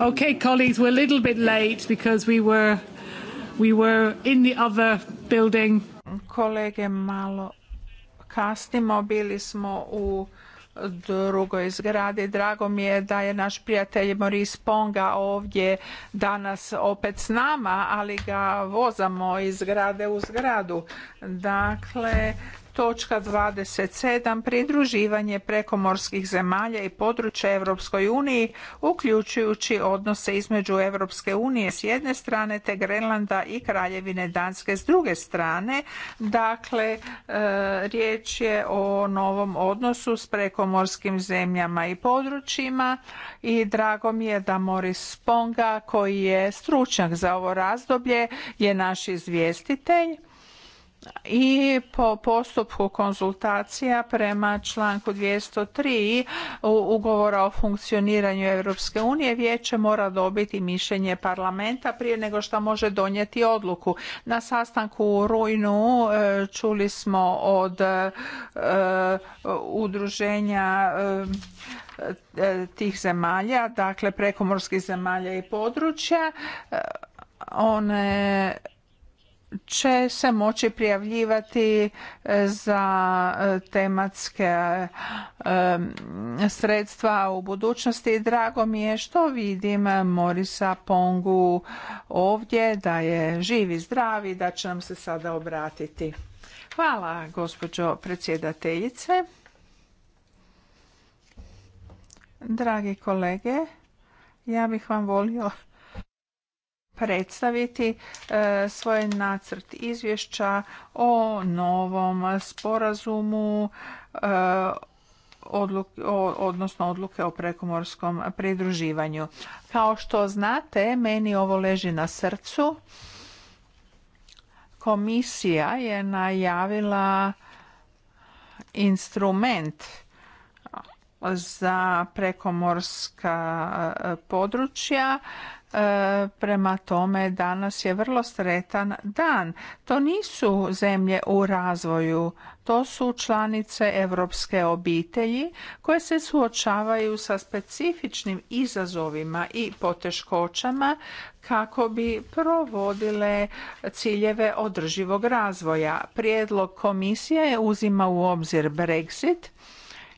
Okay, colleagues, we're a little bit late because we were, we were in the other building. Kolege, malo kasnimo, bili smo u drugoj zgradi. Drago mi je da je naš prijatelj Moris Ponga ovdje danas opet s nama, ali ga vozamo iz zgrade u zgradu. Dakle, Točka 27. Pridruživanje prekomorskih zemalja i područja Europskoj uniji, uključujući odnose između Europske unije s jedne strane te Grenlanda i Kraljevine Danske s druge strane. Dakle, e, riječ je o novom odnosu s prekomorskim zemljama i područjima i drago mi je da Moris Sponga koji je stručnjak za ovo razdoblje je naš izvjestitelj i po postupku konzultacija prema članku 203 ugovora o funkcioniranju Europske unije vijeće mora dobiti mišljenje parlamenta prije nego što može donijeti odluku. Na sastanku u rujnu e, čuli smo od e, udruženja e, tih zemalja, dakle prekomorskih zemalja i područja, one će se moći prijavljivati e, za e, tematske e, sredstva u budućnosti. Drago mi je što vidim Morisa Pongu ovdje, da je živ i zdrav i da će nam se sada obratiti. Hvala, gospođo predsjedateljice. Dragi kolege, ja bih vam volio predstaviti e, svoj nacrt izvješća o novom sporazumu e, odnosno odluke o prekomorskom pridruživanju. Kao što znate, meni ovo leži na srcu. Komisija je najavila instrument za prekomorska područja E, prema tome danas je vrlo sretan dan. To nisu zemlje u razvoju, to su članice europske obitelji koje se suočavaju sa specifičnim izazovima i poteškoćama kako bi provodile ciljeve održivog razvoja. Prijedlog komisije uzima u obzir Brexit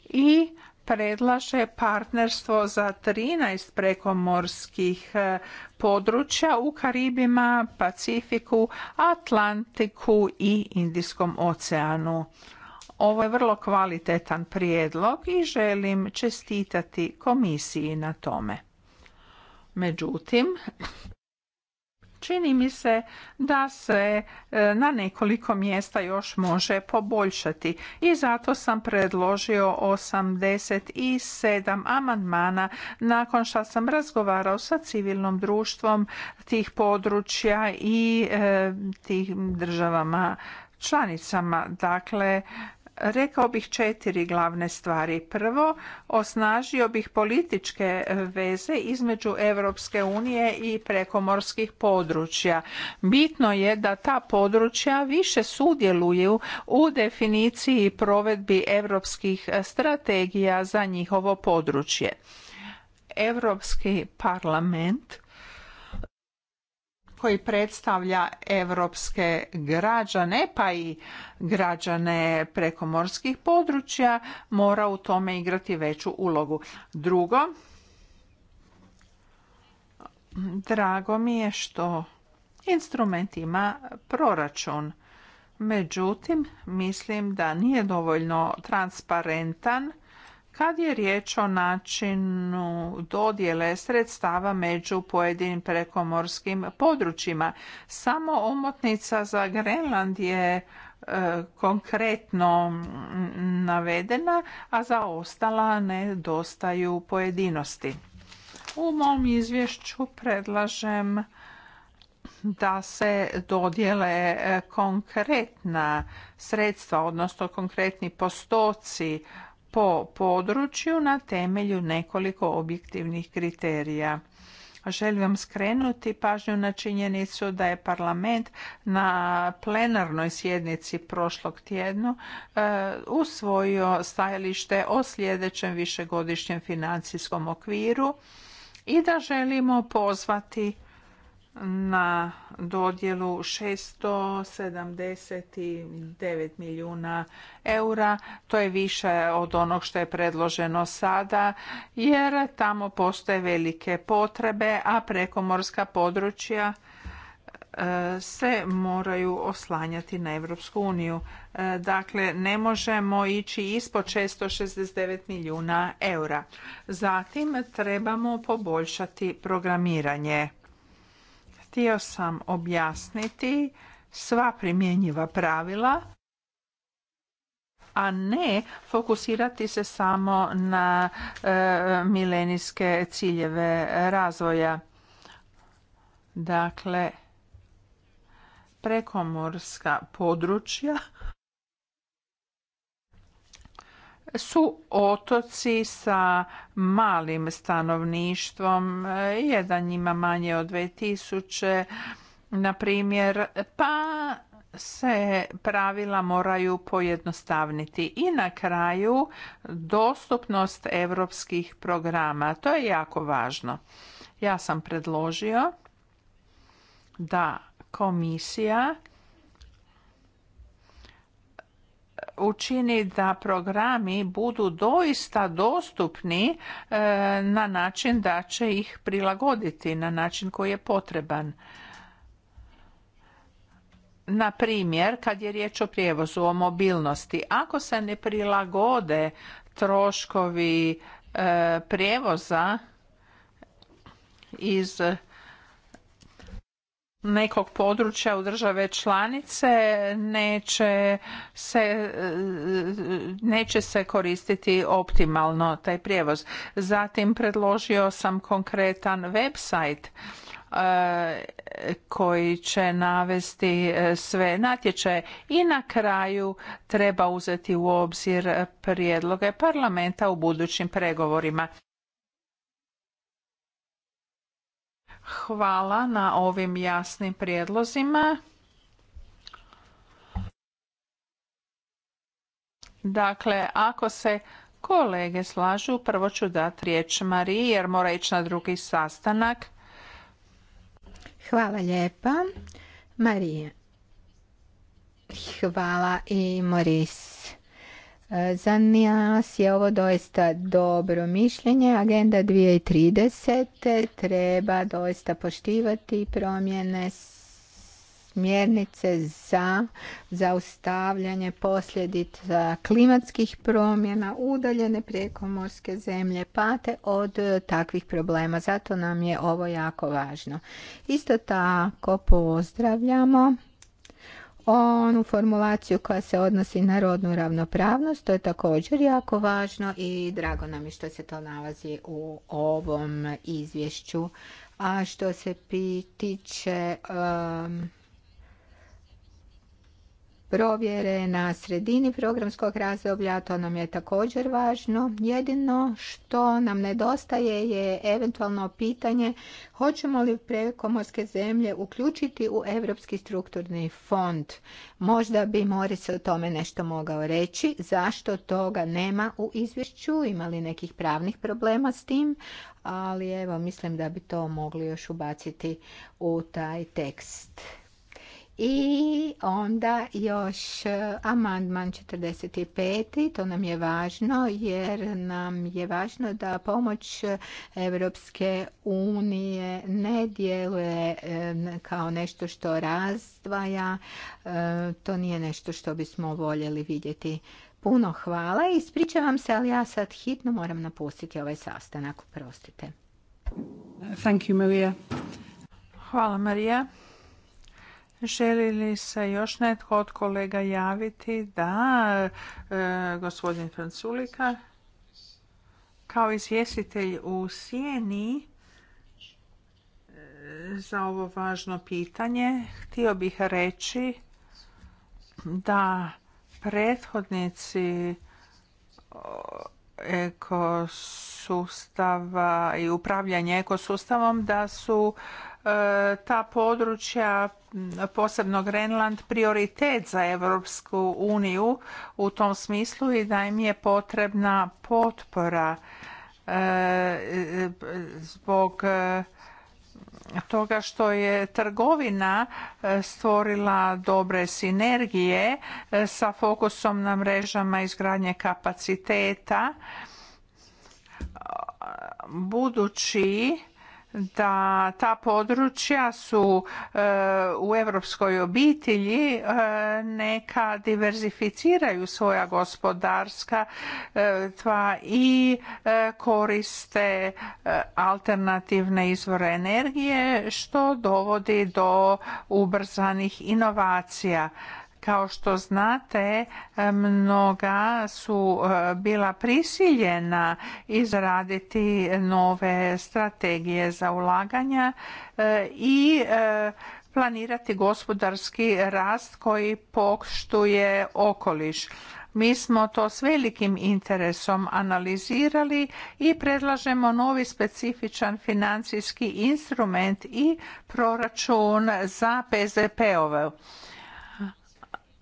i predlaže partnerstvo za 13 prekomorskih e, područja u Karibima, Pacifiku, Atlantiku i Indijskom oceanu. Ovo je vrlo kvalitetan prijedlog i želim čestitati komisiji na tome. Međutim, Čini mi se da se e, na nekoliko mjesta još može poboljšati i zato sam predložio 87 amandmana nakon što sam razgovarao sa civilnom društvom tih područja i e, tih državama članicama. Dakle, Rekao bih četiri glavne stvari. Prvo, osnažio bih političke veze između Europske unije i prekomorskih područja. Bitno je da ta područja više sudjeluju u definiciji i provedbi europskih strategija za njihovo područje. Europski parlament koji predstavlja europske građane pa i građane prekomorskih područja mora u tome igrati veću ulogu. Drugo, drago mi je što instrument ima proračun. Međutim, mislim da nije dovoljno transparentan kad je riječ o načinu dodjele sredstava među pojedinim prekomorskim područjima, samo omotnica za Grenland je e, konkretno navedena, a za ostala nedostaju pojedinosti. U mom izvješću predlažem da se dodjele e, konkretna sredstva, odnosno konkretni postoci po području na temelju nekoliko objektivnih kriterija. Želim vam skrenuti pažnju na činjenicu da je parlament na plenarnoj sjednici prošlog tjedna e, usvojio stajalište o sljedećem višegodišnjem financijskom okviru i da želimo pozvati na dodjelu 679 milijuna eura. To je više od onog što je predloženo sada jer tamo postoje velike potrebe, a prekomorska područja e, se moraju oslanjati na Europsku uniju. E, dakle, ne možemo ići ispod 669 milijuna eura. Zatim trebamo poboljšati programiranje Htio sam objasniti sva primjenjiva pravila, a ne fokusirati se samo na e, milenijske ciljeve razvoja. Dakle, prekomorska područja su otoci sa malim stanovništvom. Jedan ima manje od 2000, na primjer, pa se pravila moraju pojednostavniti i na kraju dostupnost europskih programa. To je jako važno. Ja sam predložio da komisija učini da programi budu doista dostupni e, na način da će ih prilagoditi na način koji je potreban. Na primjer, kad je riječ o prijevozu, o mobilnosti, ako se ne prilagode troškovi e, prijevoza iz nekog područja u države članice neće se, neće se koristiti optimalno taj prijevoz. Zatim predložio sam konkretan website e, koji će navesti e, sve natječaje i na kraju treba uzeti u obzir prijedloge parlamenta u budućim pregovorima. Hvala na ovim jasnim prijedlozima. Dakle, ako se kolege slažu, prvo ću dati riječ Mariji jer mora ići na drugi sastanak. Hvala lijepa. Marije. Hvala i Moris. Za nas je ovo doista dobro mišljenje. Agenda 2030. treba doista poštivati promjene smjernice za zaustavljanje posljedica klimatskih promjena udaljene prekomorske zemlje pate od takvih problema. Zato nam je ovo jako važno. Isto tako pozdravljamo onu formulaciju koja se odnosi na rodnu ravnopravnost. To je također jako važno i drago nam je što se to nalazi u ovom izvješću. A što se tiče um, provjere na sredini programskog razdoblja, to nam je također važno. Jedino što nam nedostaje je eventualno pitanje hoćemo li prekomorske zemlje uključiti u Europski strukturni fond. Možda bi Moris o tome nešto mogao reći, zašto toga nema u izvješću, ima li nekih pravnih problema s tim, ali evo mislim da bi to mogli još ubaciti u taj tekst. I onda još e, amandman 45. To nam je važno jer nam je važno da pomoć Europske unije ne djeluje e, kao nešto što razdvaja. E, to nije nešto što bismo voljeli vidjeti. Puno hvala. Ispričavam se, ali ja sad hitno moram napustiti ovaj sastanak. Prostite. Hvala, Marija. Želi li se još netko od kolega javiti? Da, e, gospodin Franculika. Kao izvjestitelj u Sijeni e, za ovo važno pitanje htio bih reći da prethodnici e, ekosustava i upravljanje ekosustavom da su E, ta područja, posebno Grenland, prioritet za Europsku uniju u tom smislu i da im je potrebna potpora e, zbog e, toga što je trgovina stvorila dobre sinergije sa fokusom na mrežama izgradnje kapaciteta budući da ta područja su e, u europskoj obitelji e, neka diverzificiraju svoja gospodarska e, tva i koriste alternativne izvore energije što dovodi do ubrzanih inovacija kao što znate, mnoga su e, bila prisiljena izraditi nove strategije za ulaganja e, i e, planirati gospodarski rast koji poštuje okoliš. Mi smo to s velikim interesom analizirali i predlažemo novi specifičan financijski instrument i proračun za PZP-ove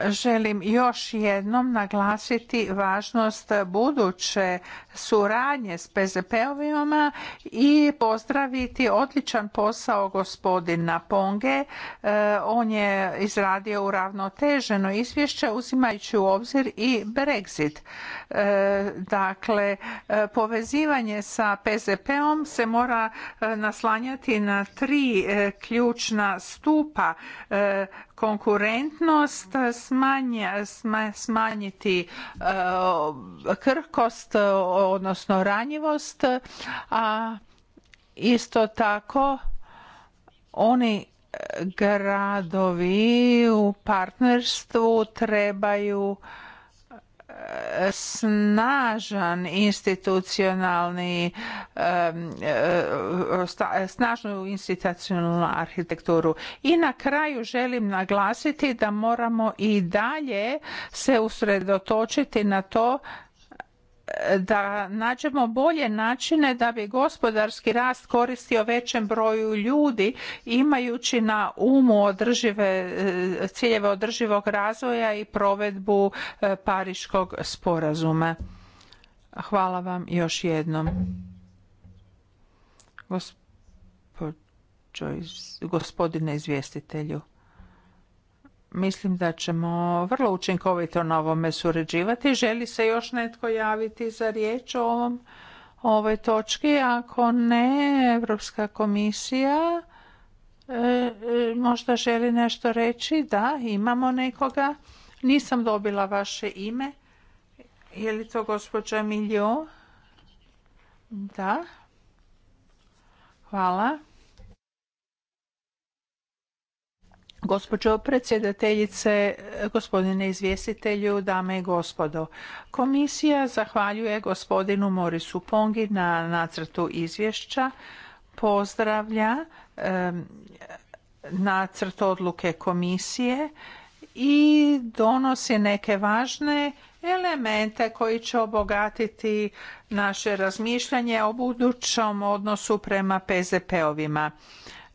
želim još jednom naglasiti važnost buduće suradnje s PZP-ovima i pozdraviti odličan posao gospodina Ponge. E, on je izradio uravnoteženo izvješće uzimajući u obzir i Brexit. E, dakle, e, povezivanje sa PZP-om se mora naslanjati na tri ključna stupa konkurentnost, smanjiti krhkost, odnosno ranjivost, a isto tako oni gradovi u partnerstvu trebaju e, snažan institucionalni e, snažnu institucionalnu arhitekturu i na kraju želim naglasiti da moramo i dalje se usredotočiti na to da nađemo bolje načine da bi gospodarski rast koristio većem broju ljudi imajući na umu održive, e, ciljeve održivog razvoja i provedbu e, pariškog sporazuma. Hvala vam još jednom. Gospodine izvjestitelju. Mislim da ćemo vrlo učinkovito na ovome surađivati. Želi se još netko javiti za riječ o ovom ovoj točki? Ako ne, Europska komisija e, e, možda želi nešto reći. Da, imamo nekoga. Nisam dobila vaše ime. Je li to gospođa Miljo? Da. Hvala. Gospođo predsjedateljice, gospodine izvjestitelju, dame i gospodo. Komisija zahvaljuje gospodinu Morisu Pongi na nacrtu izvješća, pozdravlja nacrt odluke komisije i donosi neke važne elemente koji će obogatiti naše razmišljanje o budućem odnosu prema PZP-ovima.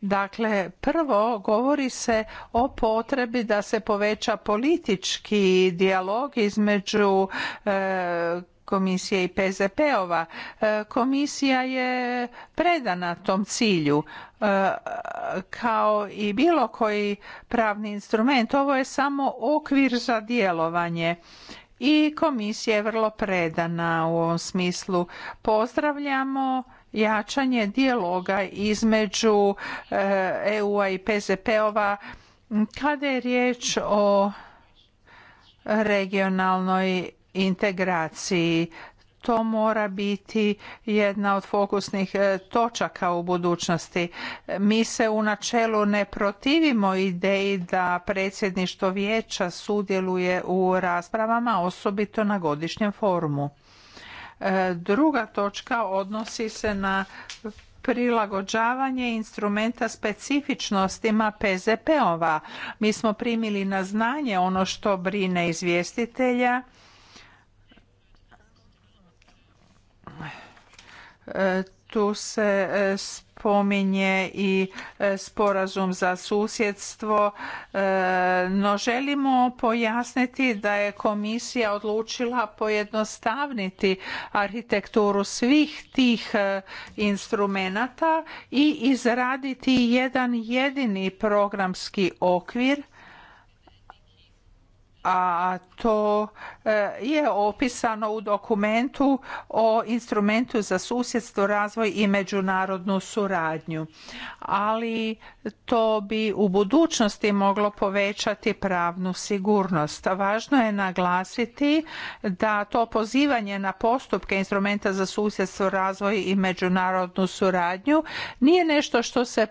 Dakle, prvo govori se o potrebi da se poveća politički dijalog između e, komisije i PZP-ova. E, komisija je predana tom cilju e, kao i bilo koji pravni instrument. Ovo je samo okvir za djelovanje i komisija je vrlo predana u ovom smislu. Pozdravljamo jačanje dijaloga između e, EU-a i PZP-ova kada je riječ o regionalnoj integraciji. To mora biti jedna od fokusnih e, točaka u budućnosti. Mi se u načelu ne protivimo ideji da predsjedništvo vijeća sudjeluje u raspravama, osobito na godišnjem forumu. E, druga točka odnosi se na prilagođavanje instrumenta specifičnostima PZP-ova. Mi smo primili na znanje ono što brine izvjestitelja. E, tu se e, spominje i e, sporazum za susjedstvo, e, no želimo pojasniti da je komisija odlučila pojednostavniti arhitekturu svih tih e, instrumenata i izraditi jedan jedini programski okvir a to e, je opisano u dokumentu o instrumentu za susjedstvo, razvoj i međunarodnu suradnju. Ali to bi u budućnosti moglo povećati pravnu sigurnost. Važno je naglasiti da to pozivanje na postupke instrumenta za susjedstvo, razvoj i međunarodnu suradnju nije nešto što se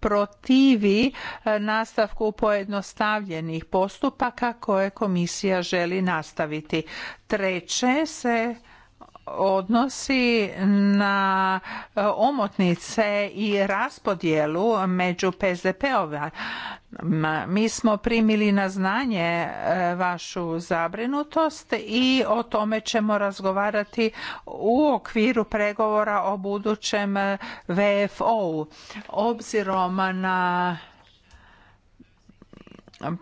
protivi e, nastavku pojednostavljenih postupaka koje komisija želi nastaviti. Treće se odnosi na e, omotnice i raspodjelu među PZP-ova. Mi smo primili na znanje e, vašu zabrinutost i o tome ćemo razgovarati u okviru pregovora o budućem e, VFO-u. Obzirom na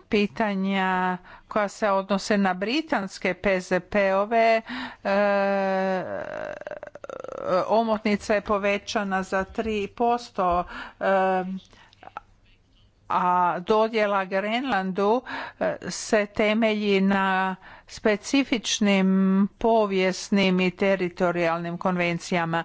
pitanja koja se odnose na britanske PZP-ove. E, omotnica je povećana za 3%, posto e, a dodjela Grenlandu e, se temelji na specifičnim povijesnim i teritorijalnim konvencijama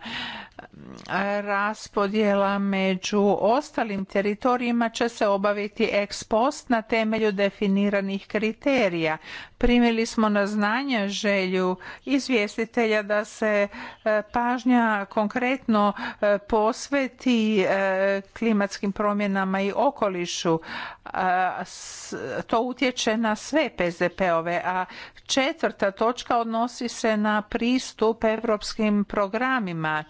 raspodjela među ostalim teritorijima će se obaviti ex post na temelju definiranih kriterija. Primili smo na znanje želju izvjestitelja da se e, pažnja konkretno e, posveti e, klimatskim promjenama i okolišu. To utječe na sve PZP-ove, a četvrta točka odnosi se na pristup europskim programima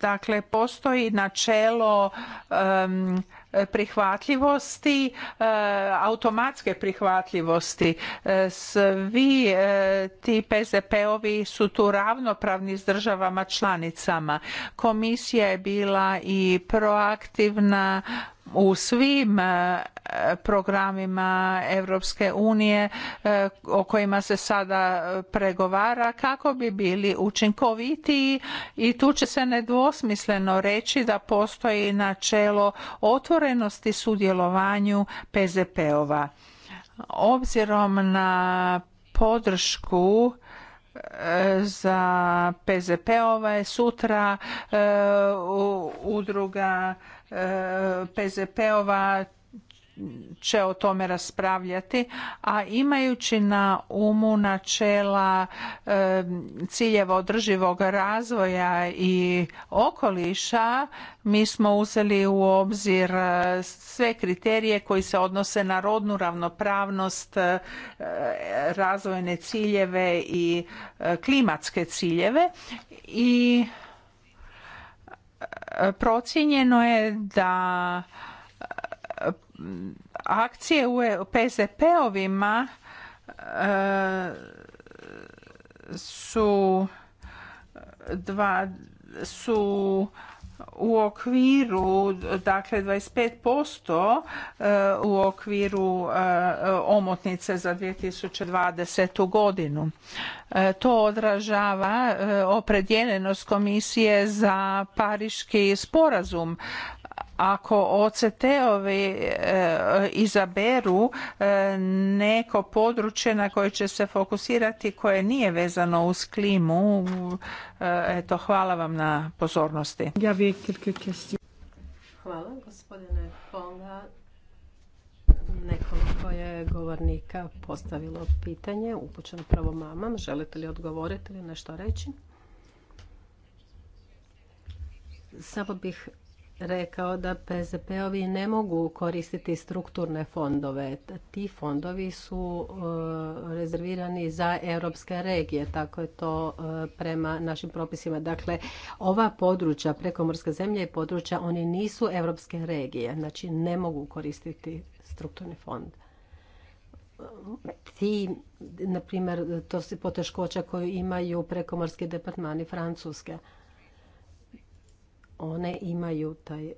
Dakle, postoji načelo prihvatljivosti, eh, automatske prihvatljivosti. Svi eh, ti PZP-ovi su tu ravnopravni s državama članicama. Komisija je bila i proaktivna u svim e, programima Europske unije e, o kojima se sada pregovara kako bi bili učinkovitiji i tu će se nedvosmisleno reći da postoji načelo otvorenosti sudjelovanju PZP-ova. Obzirom na podršku e, za PZP-ove sutra udruga PZP-ova će o tome raspravljati, a imajući na umu načela e, ciljeva održivog razvoja i okoliša, mi smo uzeli u obzir e, sve kriterije koji se odnose na rodnu ravnopravnost, e, razvojne ciljeve i klimatske ciljeve i procijenjeno je da e, akcije u PZP-ovima e, su dva su u okviru dakle 25% eh, u okviru eh, omotnice za 2020. godinu. Eh, to odražava opredjeljenost komisije za pariški sporazum ako OCT-ovi e, izaberu e, neko područje na koje će se fokusirati koje nije vezano uz klimu, e, eto, hvala vam na pozornosti. Hvala, gospodine Ponga. Nekoliko je govornika postavilo pitanje, upućeno pravo mamam. Želite li odgovoriti ili nešto reći? Samo bih rekao da PZP-ovi ne mogu koristiti strukturne fondove. Ti fondovi su e, rezervirani za europske regije, tako je to e, prema našim propisima. Dakle, ova područja, prekomorske zemlje i područja, oni nisu europske regije, znači ne mogu koristiti strukturni fond ti, na primjer, to su poteškoća koju imaju prekomorski departmani Francuske one imaju taj e,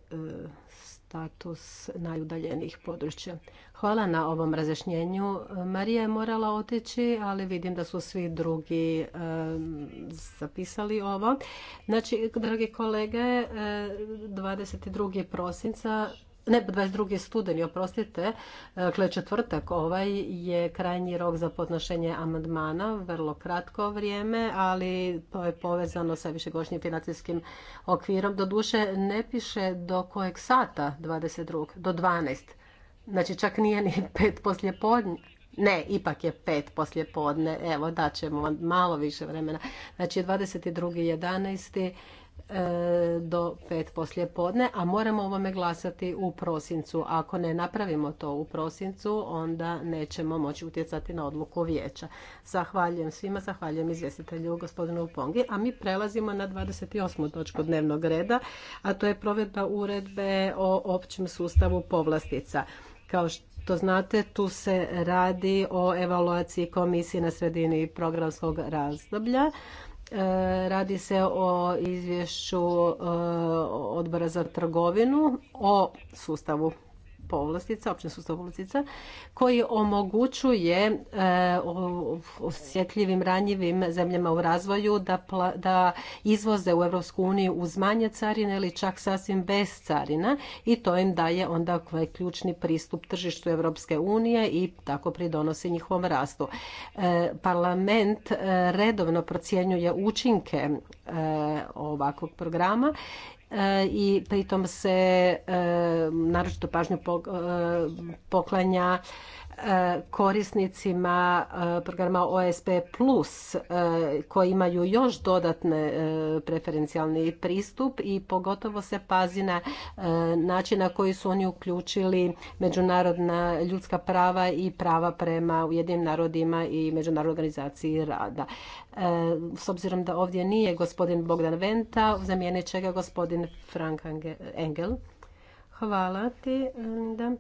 status najudaljenijih područja. Hvala na ovom razjašnjenju. Marija je morala otići, ali vidim da su svi drugi e, zapisali ovo. Znači, dragi kolege, 22. E, prosinca ne 22. studeni, oprostite, e, dakle četvrtak ovaj je krajnji rok za podnošenje amandmana, vrlo kratko vrijeme, ali to je povezano sa višegodišnjim financijskim okvirom. Doduše ne piše do kojeg sata 22. do 12. Znači čak nije ni pet poslje podnje. Ne, ipak je pet poslje podne. Evo, daćemo vam malo više vremena. Znači, 11 do pet poslije podne, a moramo ovome glasati u prosincu. Ako ne napravimo to u prosincu, onda nećemo moći utjecati na odluku vijeća. Zahvaljujem svima, zahvaljujem izvjestitelju gospodinu Pongi, a mi prelazimo na 28. točku dnevnog reda, a to je provedba uredbe o općem sustavu povlastica. Kao što to znate, tu se radi o evaluaciji komisije na sredini programskog razdoblja. E, radi se o izvješću e, odbora za trgovinu o sustavu povlastica, općin sustav povlastica, koji omogućuje e, osjetljivim, ranjivim zemljama u razvoju da, izvoze u Europsku uniju uz manje carine ili čak sasvim bez carina i to im daje onda ovaj ključni pristup tržištu Europske unije i tako pridonosi njihovom rastu. E, parlament e, redovno procjenjuje učinke ovakvog programa E, i pritom se e, naročito pažnju e, poklanja korisnicima e, programa OSP plus e, koji imaju još dodatne e, preferencijalni pristup i pogotovo se pazi na način na koji su oni uključili međunarodna ljudska prava i prava prema Ujedinim narodima i Međunarodnoj organizaciji rada. S obzirom da ovdje nije gospodin Bogdan Venta, zamijenit će ga gospodin Frank Engel. Hvala ti, da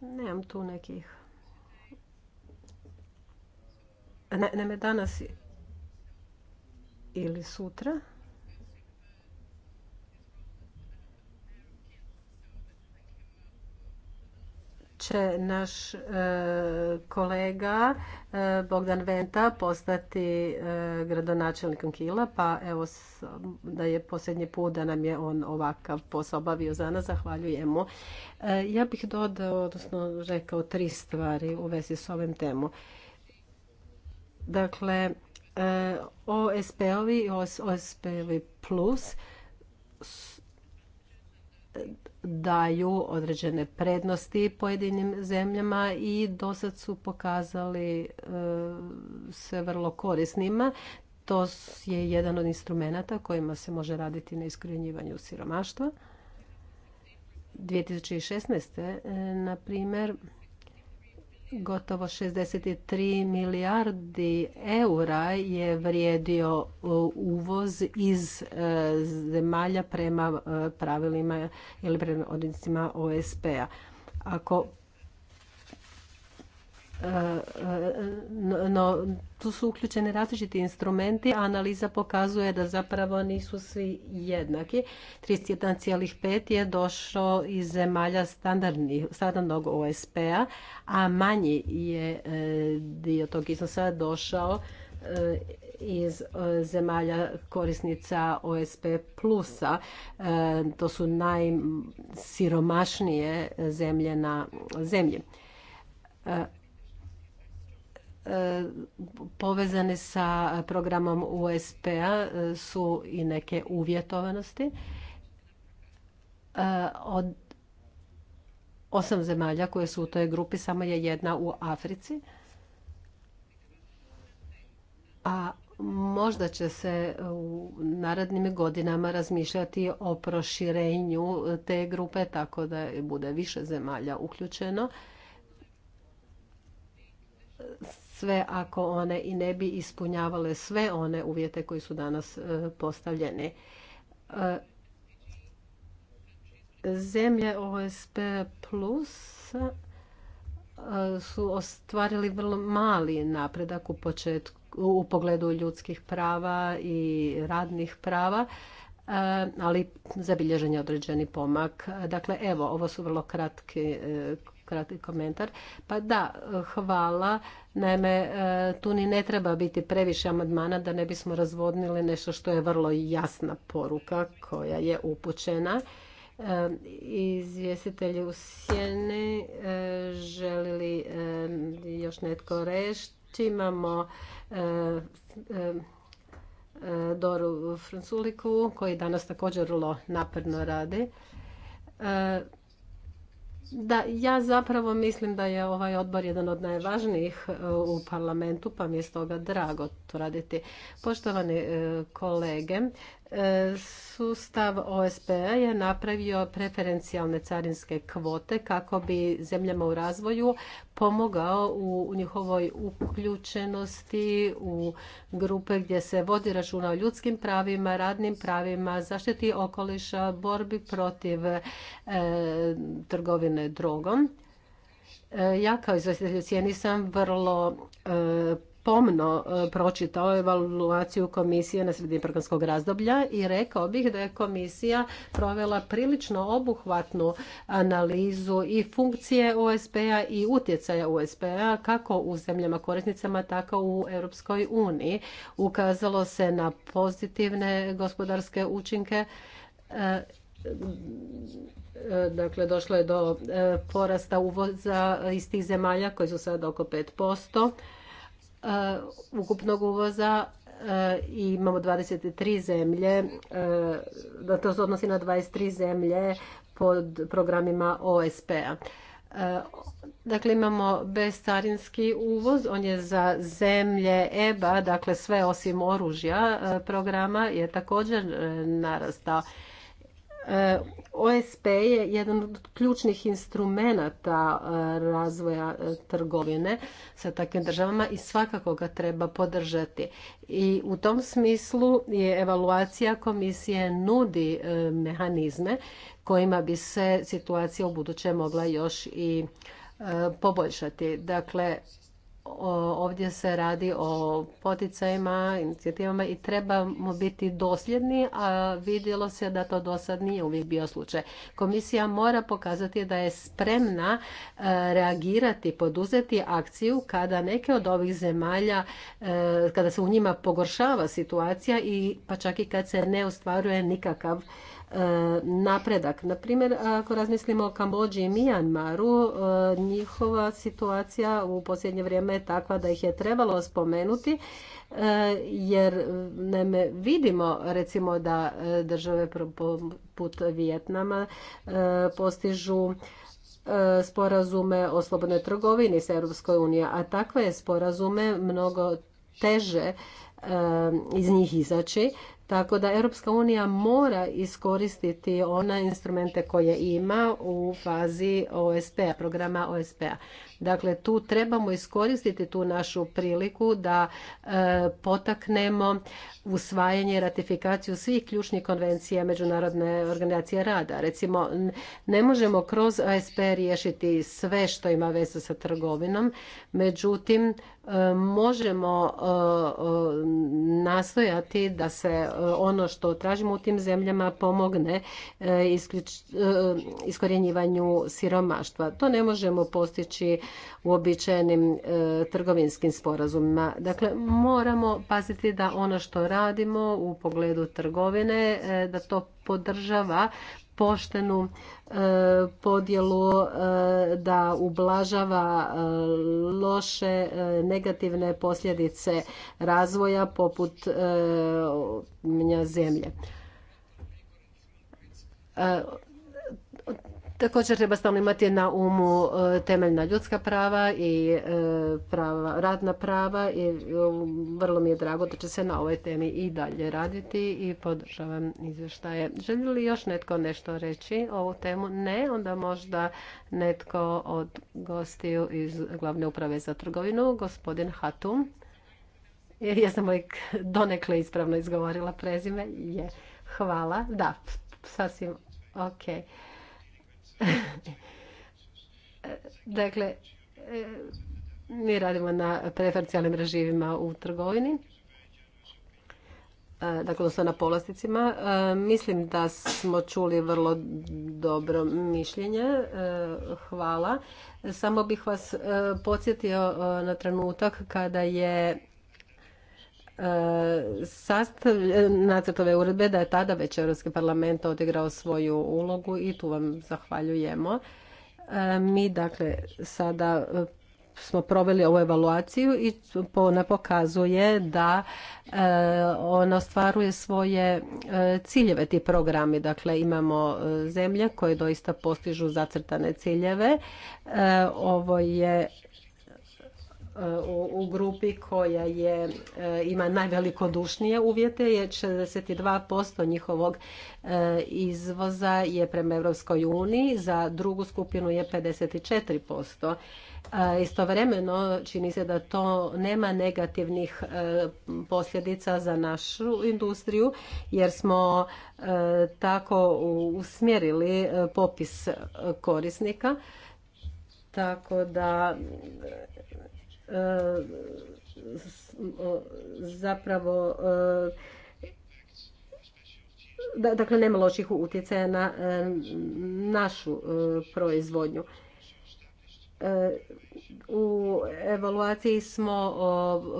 nemam tu nekih... Ne, ne me danas ili sutra. će naš e, kolega e, Bogdan Venta postati e, gradonačelnikom Kila, pa evo da je posljednji put da nam je on ovakav posao obavio za nas, zahvaljujemo. Ja bih dodao, odnosno rekao tri stvari u vezi s ovim temom. Dakle, OSP-ovi i OSP-ovi plus daju određene prednosti pojedinim zemljama i dosad su pokazali se vrlo korisnima. To je jedan od instrumenata kojima se može raditi na iskorjenjivanju siromaštva. 2016. E, na primjer gotovo 63 milijardi eura je vrijedio e, uvoz iz e, zemalja prema e, pravilima ili prema odnicima OSP-a. Ako Eh, eh, no tu su uključeni različiti instrumenti, a analiza pokazuje da zapravo nisu svi jednaki. 31,5 je došao iz zemalja standardnog OSP-a, a manji je eh, dio tog iznosa došao iz zemalja korisnica OSP plusa. To su najsiromašnije zemlje na zemlji povezane sa programom USP-a e, su i neke uvjetovanosti. E, od osam zemalja koje su u toj grupi, samo je jedna u Africi. A možda će se u narednim godinama razmišljati o proširenju te grupe tako da bude više zemalja uključeno sve ako one i ne bi ispunjavale sve one uvjete koji su danas e, postavljeni. E, zemlje OSP plus e, su ostvarili vrlo mali napredak u početku u pogledu ljudskih prava i radnih prava, ali zabilježen je određeni pomak. Dakle, evo, ovo su vrlo kratke kratki komentar. Pa da, hvala. Naime, e, tu ni ne treba biti previše amadmana da ne bismo razvodnili nešto što je vrlo jasna poruka koja je upućena. E, izvjestitelji u sjeni e, želi još netko reći? Imamo Doru Franculiku koji danas također vrlo napredno radi. Da, ja zapravo mislim da je ovaj odbor jedan od najvažnijih e, u parlamentu, pa mi je stoga drago to raditi. Poštovani e, kolege, E, sustav OSPA e je napravio preferencijalne carinske kvote kako bi zemljama u razvoju pomogao u njihovoj uključenosti u grupe gdje se vodi računa o ljudskim pravima, radnim pravima, zaštiti okoliša, borbi protiv e, trgovine drogom. Ja kao izvjestitelj cijeni sam vrlo pomno e, pročitao evaluaciju komisije na sredini programskog razdoblja i rekao bih da je komisija provela prilično obuhvatnu analizu i funkcije OSP-a i utjecaja OSP-a kako u zemljama korisnicama tako u Europskoj uniji. Ukazalo se na pozitivne gospodarske učinke e, e, dakle došlo je do porasta uvoza iz tih zemalja koji su sada oko 5%. Uh, ukupnog uvoza uh, i imamo 23 zemlje, uh, da to se odnosi na 23 zemlje pod programima OSP-a. Dakle, imamo bestarinski uvoz, on je za zemlje EBA, dakle sve osim oružja programa je također narastao. OSP je jedan od ključnih instrumenata e, razvoja e, trgovine sa takvim državama i svakako ga treba podržati. I u tom smislu je evaluacija komisije nudi e, mehanizme kojima bi se situacija u buduće mogla još i poboljšati. Dakle, ovdje se radi o poticajima, inicijativama i trebamo biti dosljedni, a vidjelo se da to dosad sad nije uvijek bio slučaj. Komisija mora pokazati da je spremna e, reagirati, poduzeti akciju kada neke od ovih zemalja, e, kada se u njima pogoršava situacija i pa čak i kad se ne ostvaruje nikakav E, napredak. Na primjer, ako razmislimo o Kambođi i Mijanmaru, e, njihova situacija u posljednje vrijeme je takva da ih je trebalo spomenuti, e, jer ne vidimo recimo da države poput Vijetnama postižu sporazume o slobodnoj trgovini s Europskoj unije, a takve je sporazume mnogo teže iz njih izaći tako da Europska unija mora iskoristiti one instrumente koje ima u fazi OSP-a, programa OSP-a. Dakle, tu trebamo iskoristiti tu našu priliku da e, potaknemo usvajanje i ratifikaciju svih ključnih konvencija Međunarodne organizacije rada. Recimo, ne možemo kroz ASP riješiti sve što ima veze sa trgovinom, međutim, e, možemo e, nastojati da se ono što tražimo u tim zemljama pomogne iskorjenjivanju siromaštva. To ne možemo postići uobičajenim e, trgovinskim sporazumima. Dakle, moramo paziti da ono što radimo u pogledu trgovine, e, da to podržava poštenu e, podjelu da ublažava loše negativne posljedice razvoja poput zemlje Također treba stalno imati na umu e, temeljna ljudska prava i e, prava, radna prava i e, vrlo mi je drago da će se na ovoj temi i dalje raditi i podržavam izvještaje. Želi li još netko nešto reći o ovu temu? Ne, onda možda netko od gostiju iz glavne uprave za trgovinu, gospodin Hatum. Ja sam uvijek donekle ispravno izgovorila prezime. Je. Hvala. Da, sasvim ok dakle, e, mi radimo na preferencijalnim reživima u trgovini e, dakle odnosno na polasticima e, Mislim da smo čuli vrlo dobro mišljenje. Hvala. Samo bih vas podsjetio na trenutak kada je sastav, e, nacrtove uredbe da je tada već Europski parlament odigrao svoju ulogu i tu vam zahvaljujemo. E, mi dakle sada e, smo proveli ovu evaluaciju i ona pokazuje da ona ostvaruje svoje ciljeve ti programi. Dakle, imamo zemlje koje doista postižu zacrtane ciljeve. Ovo je u, grupi koja je, e, ima najvelikodušnije uvjete je 62% njihovog e, izvoza je prema Europskoj uniji, za drugu skupinu je 54%. E, istovremeno čini se da to nema negativnih posljedica za našu industriju jer smo tako usmjerili popis korisnika tako da E, zapravo e, dakle nema loših utjecaja na e, našu proizvodnju. U evaluaciji smo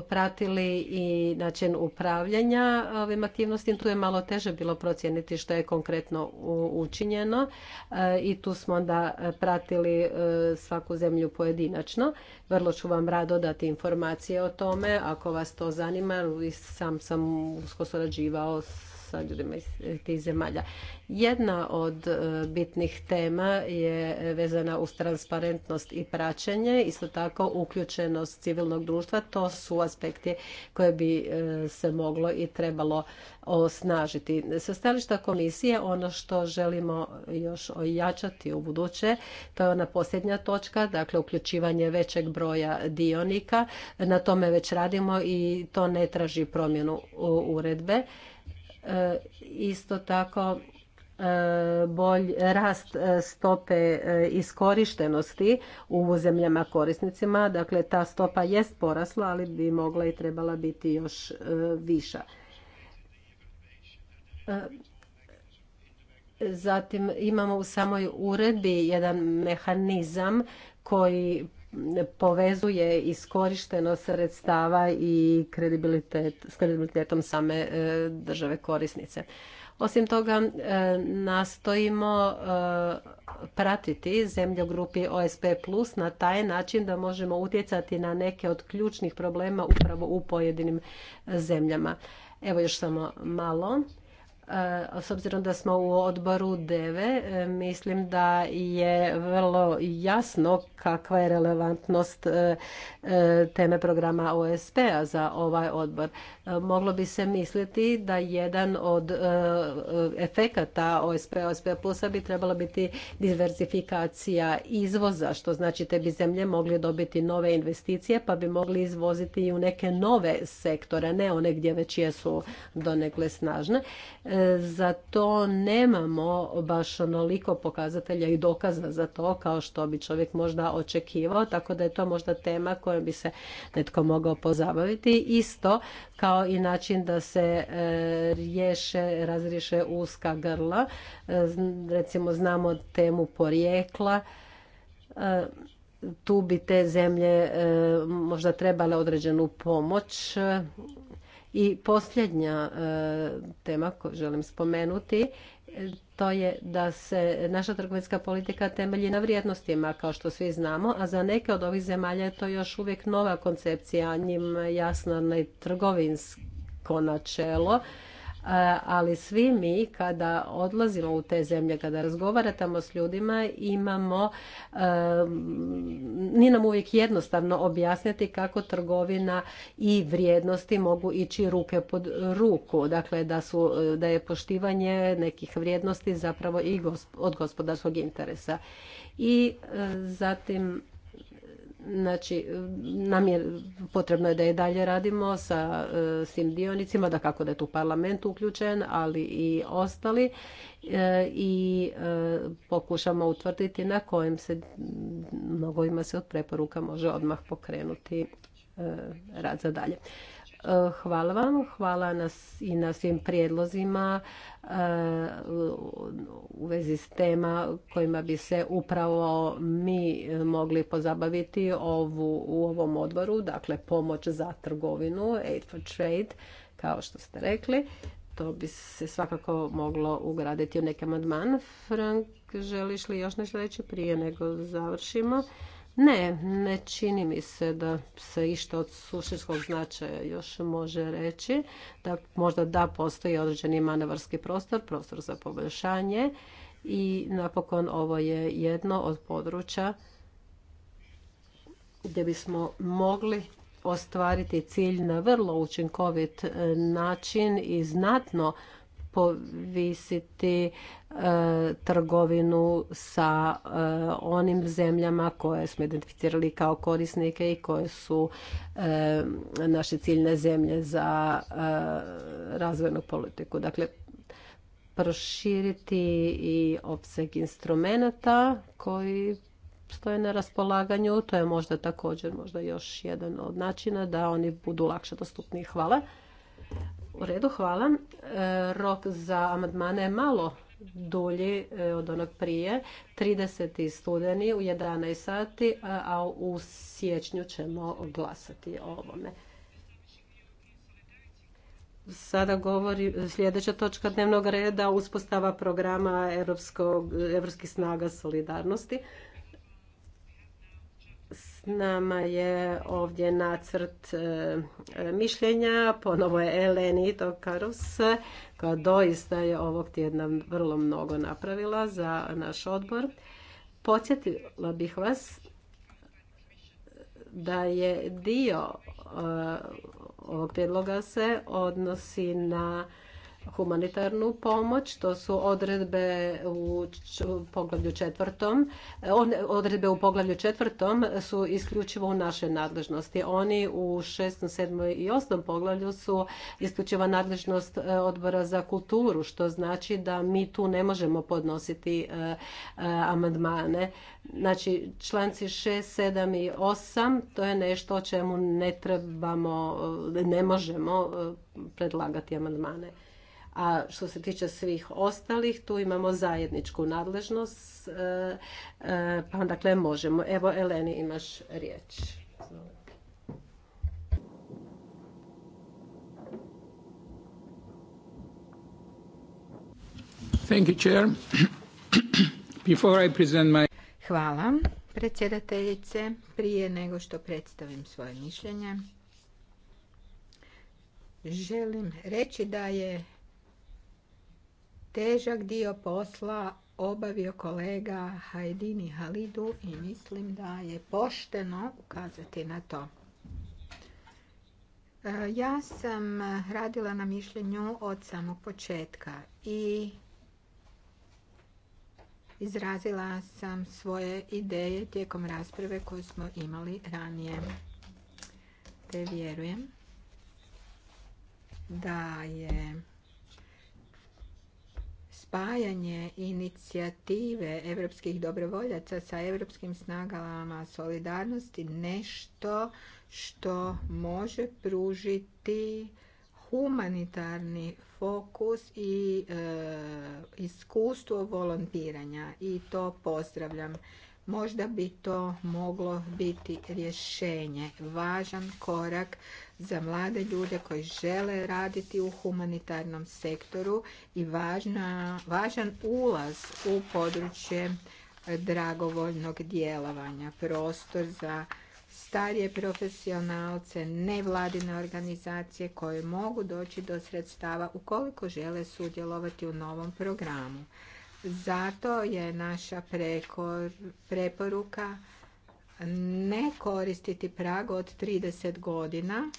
pratili i način upravljanja ovim aktivnostima. Tu je malo teže bilo procijeniti što je konkretno učinjeno e, i tu smo onda pratili e, svaku zemlju pojedinačno. Vrlo ću vam rado dati informacije o tome ako vas to zanima. Sam sam usko surađivao s sa ljudima iz tih zemalja. Jedna od e, bitnih tema je vezana uz transparentnost i praćenje, isto tako uključenost civilnog društva. To su aspekti koje bi e, se moglo i trebalo osnažiti. Sa stališta komisije ono što želimo još ojačati u buduće, to je ona posljednja točka, dakle uključivanje većeg broja dionika. Na tome već radimo i to ne traži promjenu uredbe. E, isto tako e, bolj rast e, stope iskorištenosti u zemljama korisnicima. Dakle, ta stopa jest porasla, ali bi mogla i trebala biti još viša. Zatim imamo u samoj uredbi jedan mehanizam koji povezuje iskorištenost sredstava i kredibilitet, s kredibilitetom same e, države korisnice. Osim toga, e, nastojimo e, pratiti zemlje u grupi OSP plus na taj način da možemo utjecati na neke od ključnih problema upravo u pojedinim zemljama. Evo još samo malo. E, s obzirom da smo u odboru DEVE, mislim da je vrlo jasno kakva je relevantnost e, e, teme programa OSP-a za ovaj odbor. Moglo bi se misliti da jedan od efekata OSP, p-a, OSP p-a plusa bi trebala biti diversifikacija izvoza, što znači te bi zemlje mogli dobiti nove investicije pa bi mogli izvoziti i u neke nove sektore, ne one gdje već jesu donekle snažne za to nemamo baš onoliko pokazatelja i dokaza za to kao što bi čovjek možda očekivao, tako da je to možda tema kojom bi se netko mogao pozabaviti. Isto kao i način da se e, riješe, razriješe uska grla. E, recimo znamo temu porijekla e, tu bi te zemlje možda trebale određenu pomoć i posljednja e, tema koju želim spomenuti e, to je da se naša trgovinska politika temelji na vrijednostima, kao što svi znamo, a za neke od ovih zemalja je to još uvijek nova koncepcija, njim jasno na trgovinsko načelo, ali svi mi kada odlazimo u te zemlje, kada razgovaratamo s ljudima, imamo, ni nam uvijek jednostavno objasniti kako trgovina i vrijednosti mogu ići ruke pod ruku. Dakle, da, su, da je poštivanje nekih vrijednosti zapravo i od gospodarskog interesa. I e, zatim Znači, nam je potrebno je da i dalje radimo sa e, svim dionicima, da kako da je tu parlament uključen, ali i ostali e, i e, pokušamo utvrditi na kojim se mnogovima se od preporuka može odmah pokrenuti rad za dalje. Eh, hvala vam, hvala nas i na svim prijedlozima eh, u vezi s tema kojima bi se upravo mi mogli pozabaviti ovu, u ovom odboru, dakle pomoć za trgovinu, aid for trade, kao što ste rekli. To bi se svakako moglo ugraditi u neki amandman. Frank, želiš li još nešto reći prije nego završimo? Ne, ne čini mi se da se išta od suštinskog značaja još može reći. Da, možda da postoji određeni manevarski prostor, prostor za poboljšanje i napokon ovo je jedno od područja gdje bismo mogli ostvariti cilj na vrlo učinkovit e, način i znatno povisiti e, trgovinu sa e, onim zemljama koje smo identificirali kao korisnike i koje su e, naše ciljne zemlje za razvojnu politiku. Dakle, proširiti i opseg instrumenata koji stoje na raspolaganju. To je možda također možda još jedan od načina da oni budu lakše dostupniji. Hvala. U redu, hvala. E, rok za amandmane je malo dulji e, od onog prije. 30. studeni u 11 sati, e, a u siječnju ćemo glasati o ovome. Sada govori sljedeća točka dnevnog reda, uspostava programa Europskih snaga solidarnosti nama je ovdje nacrt e, mišljenja, ponovo je Eleni Tokarus, koja doista je ovog tjedna vrlo mnogo napravila za naš odbor. Podsjetila bih vas da je dio e, ovog prijedloga se odnosi na humanitarnu pomoć, to su odredbe u poglavlju četvrtom. Odredbe u poglavlju četvrtom su isključivo u našoj nadležnosti. Oni u šestom, sedmom i osmom poglavlju su isključiva nadležnost e, odbora za kulturu, što znači da mi tu ne možemo podnositi e, e, amandmane. Znači, članci šest, sedam i osam, to je nešto o čemu ne trebamo, ne možemo predlagati amandmane. A što se tiče svih ostalih, tu imamo zajedničku nadležnost, e, e, pa dakle možemo. Evo, Eleni, imaš riječ. Thank you, Hvala, predsjedateljice. Prije nego što predstavim svoje mišljenje, želim reći da je težak dio posla obavio kolega Hajdini Halidu i mislim da je pošteno ukazati na to. E, ja sam radila na mišljenju od samog početka i izrazila sam svoje ideje tijekom rasprave koju smo imali ranije. Te vjerujem da je spajanje inicijative europskih dobrovoljaca sa europskim snagama solidarnosti nešto što može pružiti humanitarni fokus i e, iskustvo volontiranja i to pozdravljam. Možda bi to moglo biti rješenje, važan korak za mlade ljude koji žele raditi u humanitarnom sektoru i važna, važan ulaz u područje dragovoljnog djelovanja, prostor za starije profesionalce, nevladine organizacije koje mogu doći do sredstava ukoliko žele sudjelovati u novom programu. Zato je naša preporuka ne koristiti prag od 30 godina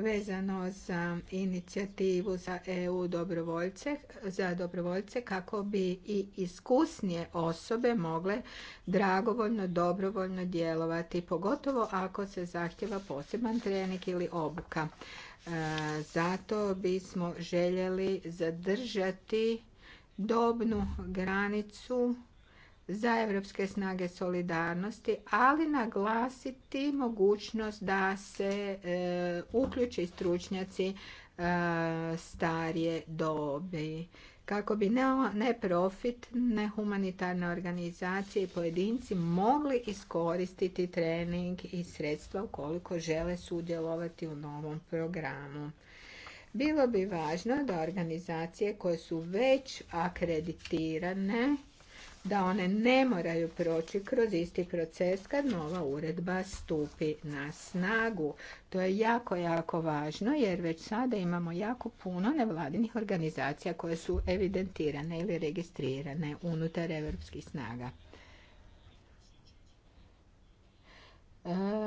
vezano za inicijativu za EU dobrovoljce, za dobrovoljce kako bi i iskusnije osobe mogle dragovoljno, dobrovoljno djelovati, pogotovo ako se zahtjeva poseban trening ili obuka. E, zato bismo željeli zadržati dobnu granicu za Europske snage solidarnosti, ali naglasiti mogućnost da se e, uključi stručnjaci e, starije dobi kako bi neprofitne humanitarne organizacije i pojedinci mogli iskoristiti trening i sredstva ukoliko žele sudjelovati u novom programu. Bilo bi važno da organizacije koje su već akreditirane da one ne moraju proći kroz isti proces kad nova uredba stupi na snagu. To je jako, jako važno jer već sada imamo jako puno nevladinih organizacija koje su evidentirane ili registrirane unutar europskih snaga.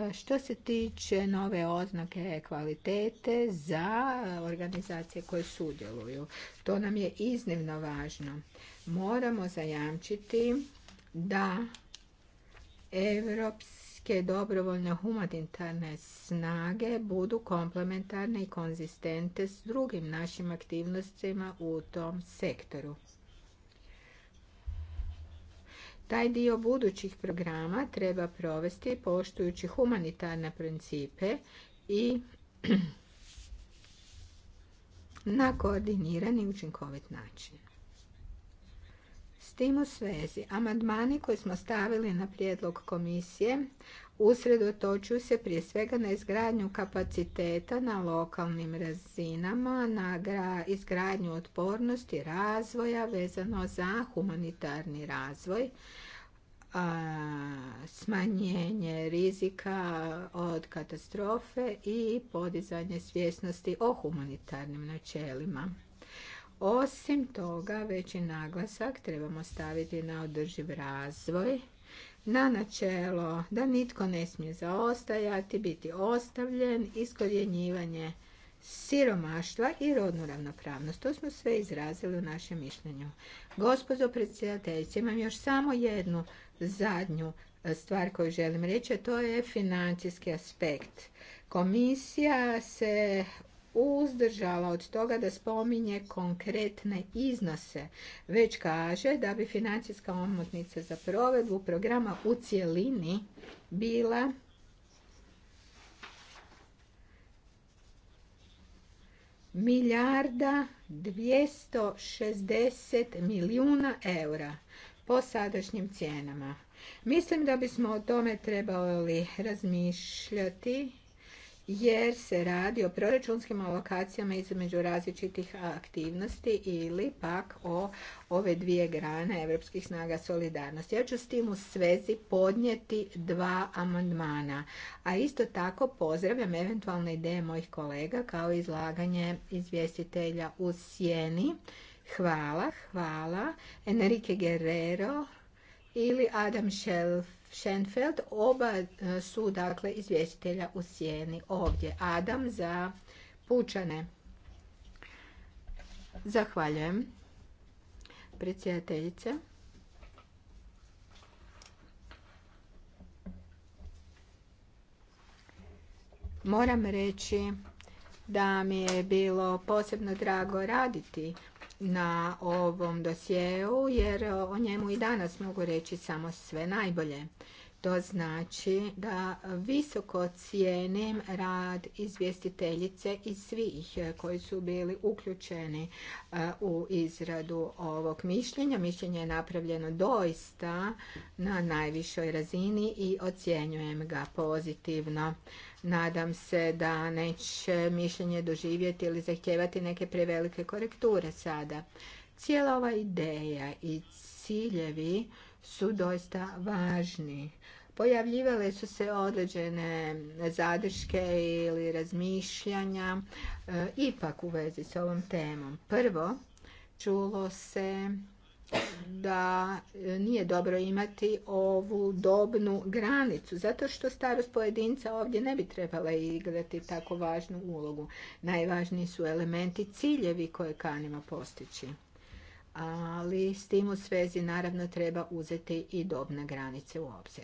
E, što se tiče nove oznake kvalitete za organizacije koje sudjeluju, to nam je iznimno važno moramo zajamčiti da evropske dobrovoljne humanitarne snage budu komplementarne i konzistente s drugim našim aktivnostima u tom sektoru. Taj dio budućih programa treba provesti poštujući humanitarne principe i na koordinirani učinkovit način. S tim u svezi, amandmani koji smo stavili na prijedlog komisije usredotočuju se prije svega na izgradnju kapaciteta na lokalnim razinama, na izgradnju otpornosti razvoja vezano za humanitarni razvoj, smanjenje rizika od katastrofe i podizanje svjesnosti o humanitarnim načelima. Osim toga, veći naglasak trebamo staviti na održiv razvoj, na načelo da nitko ne smije zaostajati, biti ostavljen, iskorjenjivanje siromaštva i rodnu ravnopravnost. To smo sve izrazili u našem mišljenju. Gospodo predsjedateljice, imam još samo jednu zadnju e, stvar koju želim reći, a to je financijski aspekt. Komisija se uzdržala od toga da spominje konkretne iznose, već kaže da bi financijska omotnica za provedbu programa u cjelini bila milijarda 260 milijuna eura po sadašnjim cijenama. Mislim da bismo o tome trebali razmišljati jer se radi o proračunskim alokacijama između različitih aktivnosti ili pak o ove dvije grane Evropskih snaga solidarnosti. Ja ću s tim u svezi podnijeti dva amandmana, a isto tako pozdravljam eventualne ideje mojih kolega kao izlaganje izvjestitelja u sjeni. Hvala, hvala. Enrique Guerrero ili Adam Schelf. Schenfeld. Oba e, su dakle izvjestitelja u sjeni ovdje. Adam za pučane. Zahvaljujem. Predsjedateljice. Moram reći da mi je bilo posebno drago raditi na ovom dosjeu jer o njemu i danas mogu reći samo sve najbolje. To znači da visoko cijenim rad izvjestiteljice i svih koji su bili uključeni e, u izradu ovog mišljenja. Mišljenje je napravljeno doista na najvišoj razini i ocjenjujem ga pozitivno. Nadam se da neće mišljenje doživjeti ili zahtijevati neke prevelike korekture sada. Cijela ova ideja i ciljevi su doista važni. Pojavljivale su se određene zadrške ili razmišljanja e, ipak u vezi s ovom temom. Prvo, čulo se da e, nije dobro imati ovu dobnu granicu, zato što starost pojedinca ovdje ne bi trebala igrati tako važnu ulogu. Najvažniji su elementi ciljevi koje kanima postići. Ali s tim u svezi naravno treba uzeti i dobne granice u obzir.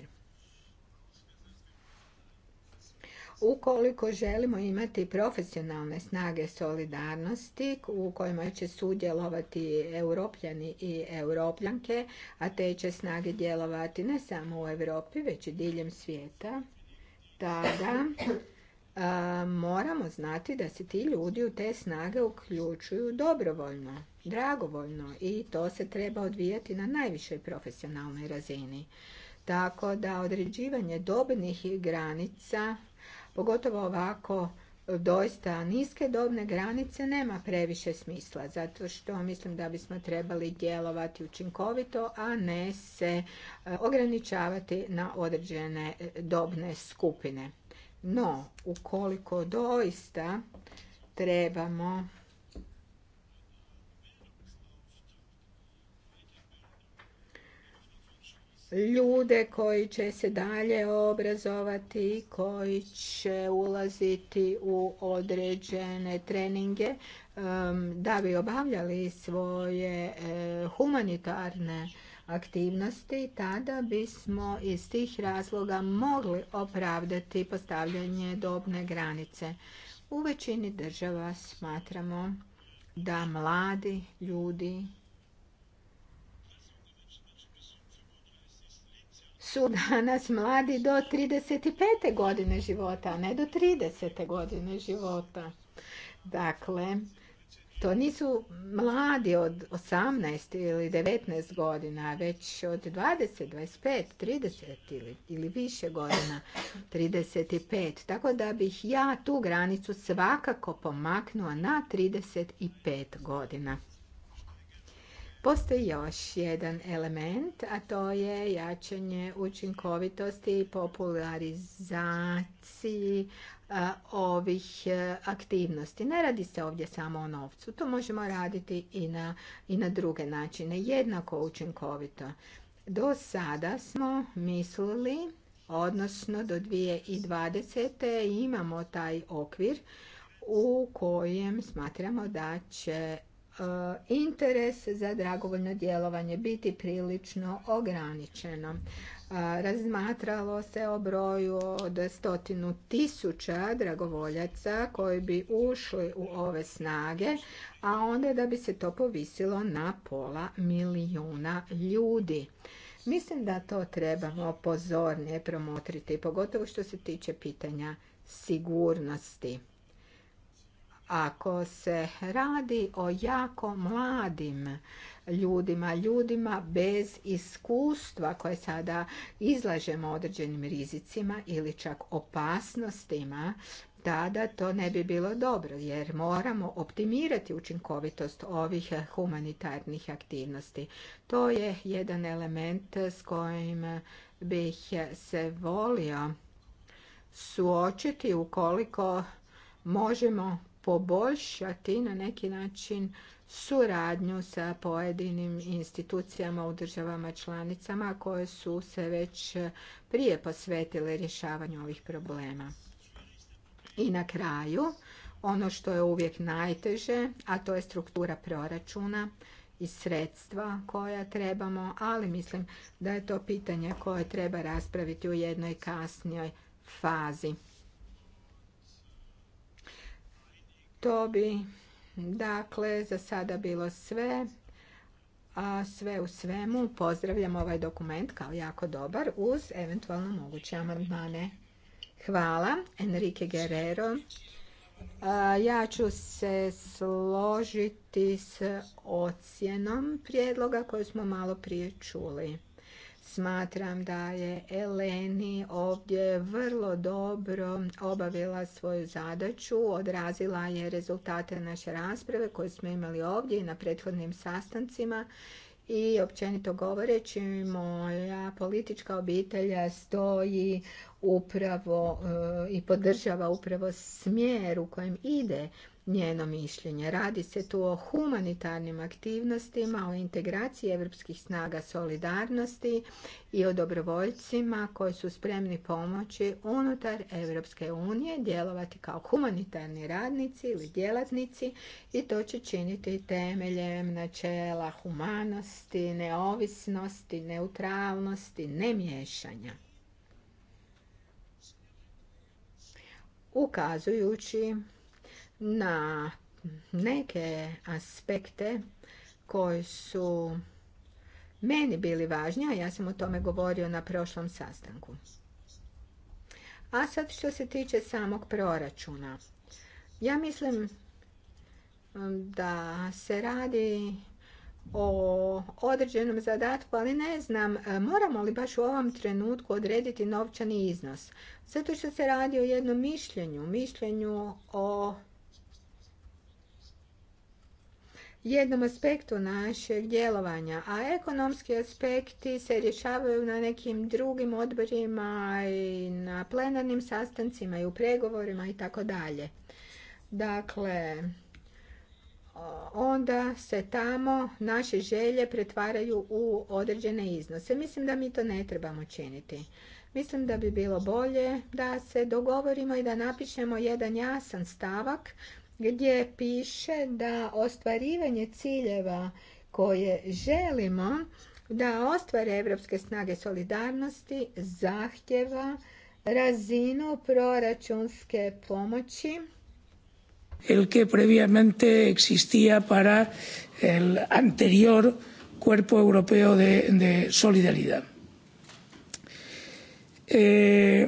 Ukoliko želimo imati profesionalne snage solidarnosti u kojima će sudjelovati europljani i europljanke, a te će snage djelovati ne samo u Europi, već i diljem svijeta, tada moramo znati da se ti ljudi u te snage uključuju dobrovoljno, dragovoljno i to se treba odvijati na najvišoj profesionalnoj razini. Tako da određivanje dobnih granica pogotovo ovako e, doista niske dobne granice nema previše smisla zato što mislim da bismo trebali djelovati učinkovito a ne se e, ograničavati na određene e, dobne skupine no ukoliko doista trebamo ljude koji će se dalje obrazovati i koji će ulaziti u određene treninge da bi obavljali svoje eh, humanitarne aktivnosti, tada bismo iz tih razloga mogli opravdati postavljanje dobne granice. U većini država smatramo da mladi ljudi su danas mladi do 35. godine života, a ne do 30. godine života. Dakle, to nisu mladi od 18 ili 19 godina, već od 20, 25, 30 ili, ili više godina, 35. Tako da bih ja tu granicu svakako pomaknula na 35 godina. Postoji još jedan element, a to je jačanje učinkovitosti i popularizaciji ovih e, aktivnosti. Ne radi se ovdje samo o novcu, to možemo raditi i na, i na druge načine, jednako učinkovito. Do sada smo mislili, odnosno do 2020. imamo taj okvir u kojem smatramo da će E, interes za dragovoljno djelovanje biti prilično ograničeno. E, razmatralo se o broju od stotinu tisuća dragovoljaca koji bi ušli u ove snage, a onda da bi se to povisilo na pola milijuna ljudi. Mislim da to trebamo pozornije promotriti, pogotovo što se tiče pitanja sigurnosti. Ako se radi o jako mladim ljudima, ljudima bez iskustva koje sada izlažemo određenim rizicima ili čak opasnostima, tada to ne bi bilo dobro jer moramo optimirati učinkovitost ovih humanitarnih aktivnosti. To je jedan element s kojim bih se volio suočiti ukoliko možemo poboljšati na neki način suradnju sa pojedinim institucijama u državama članicama koje su se već prije posvetile rješavanju ovih problema. I na kraju, ono što je uvijek najteže, a to je struktura proračuna i sredstva koja trebamo, ali mislim da je to pitanje koje treba raspraviti u jednoj kasnijoj fazi. To bi dakle za sada bilo sve. A sve u svemu pozdravljam ovaj dokument kao jako dobar uz eventualno moguće amandmane. Hvala, Enrique Guerrero. Ja ću se složiti s ocjenom prijedloga koju smo malo prije čuli. Smatram da je Eleni ovdje vrlo dobro obavila svoju zadaću, odrazila je rezultate naše rasprave koje smo imali ovdje i na prethodnim sastancima i općenito govoreći moja politička obitelj stoji upravo e, i podržava upravo smjer u kojem ide njeno mišljenje. Radi se tu o humanitarnim aktivnostima, o integraciji evropskih snaga solidarnosti i o dobrovoljcima koji su spremni pomoći unutar Evropske unije djelovati kao humanitarni radnici ili djelatnici i to će činiti temeljem načela humanosti, neovisnosti, neutralnosti, nemiješanja. Ukazujući na neke aspekte koji su meni bili važni, a ja sam o tome govorio na prošlom sastanku. A sad što se tiče samog proračuna. Ja mislim da se radi o određenom zadatku, ali ne znam e, moramo li baš u ovom trenutku odrediti novčani iznos. Zato što se radi o jednom mišljenju, mišljenju o jednom aspektu našeg djelovanja, a ekonomski aspekti se rješavaju na nekim drugim odborima i na plenarnim sastancima i u pregovorima i tako dalje. Dakle, onda se tamo naše želje pretvaraju u određene iznose. Mislim da mi to ne trebamo činiti. Mislim da bi bilo bolje da se dogovorimo i da napišemo jedan jasan stavak gdje piše da ostvarivanje ciljeva koje želimo da ostvare Evropske snage solidarnosti zahtjeva razinu proračunske pomoći el que previamente existía para el anterior cuerpo europeo de, de solidaridad. Eh,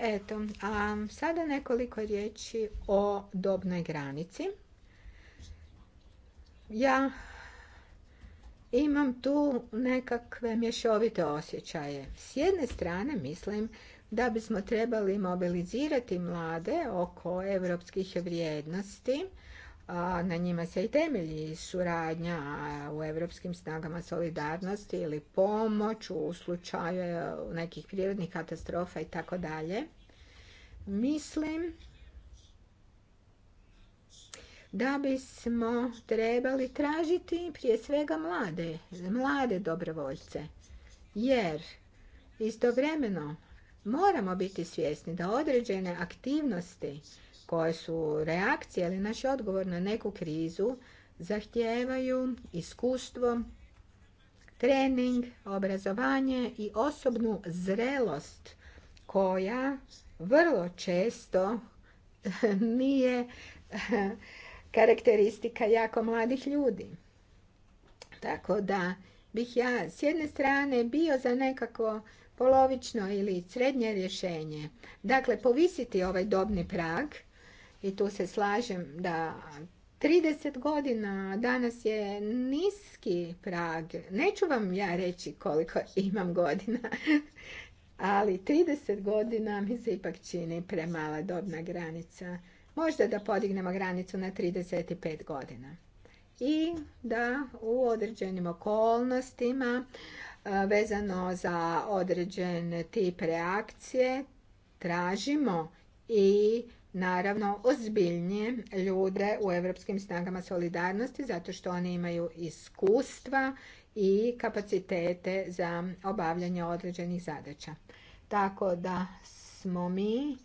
Eto, a sada nekoliko riječi o dobnoj granici. Ja imam tu nekakve mješovite osjećaje. S jedne strane mislim da bismo trebali mobilizirati mlade oko evropskih vrijednosti, na njima se i temelji suradnja u europskim snagama solidarnosti ili pomoć u slučaju nekih prirodnih katastrofa i tako dalje. Mislim da bismo trebali tražiti prije svega mlade, mlade dobrovoljce. Jer istovremeno moramo biti svjesni da određene aktivnosti koje su reakcije ili naš odgovor na neku krizu zahtijevaju iskustvo, trening, obrazovanje i osobnu zrelost koja vrlo često nije karakteristika jako mladih ljudi. Tako da bih ja s jedne strane bio za nekako polovično ili srednje rješenje. Dakle, povisiti ovaj dobni prag – i tu se slažem da 30 godina danas je niski prag. Neću vam ja reći koliko imam godina, ali 30 godina mi se ipak čini premala dobna granica. Možda da podignemo granicu na 35 godina. I da u određenim okolnostima vezano za određen tip reakcije tražimo i naravno ozbiljnije ljude u Europskim snagama solidarnosti zato što oni imaju iskustva i kapacitete za obavljanje određenih zadaća. Tako da smo mi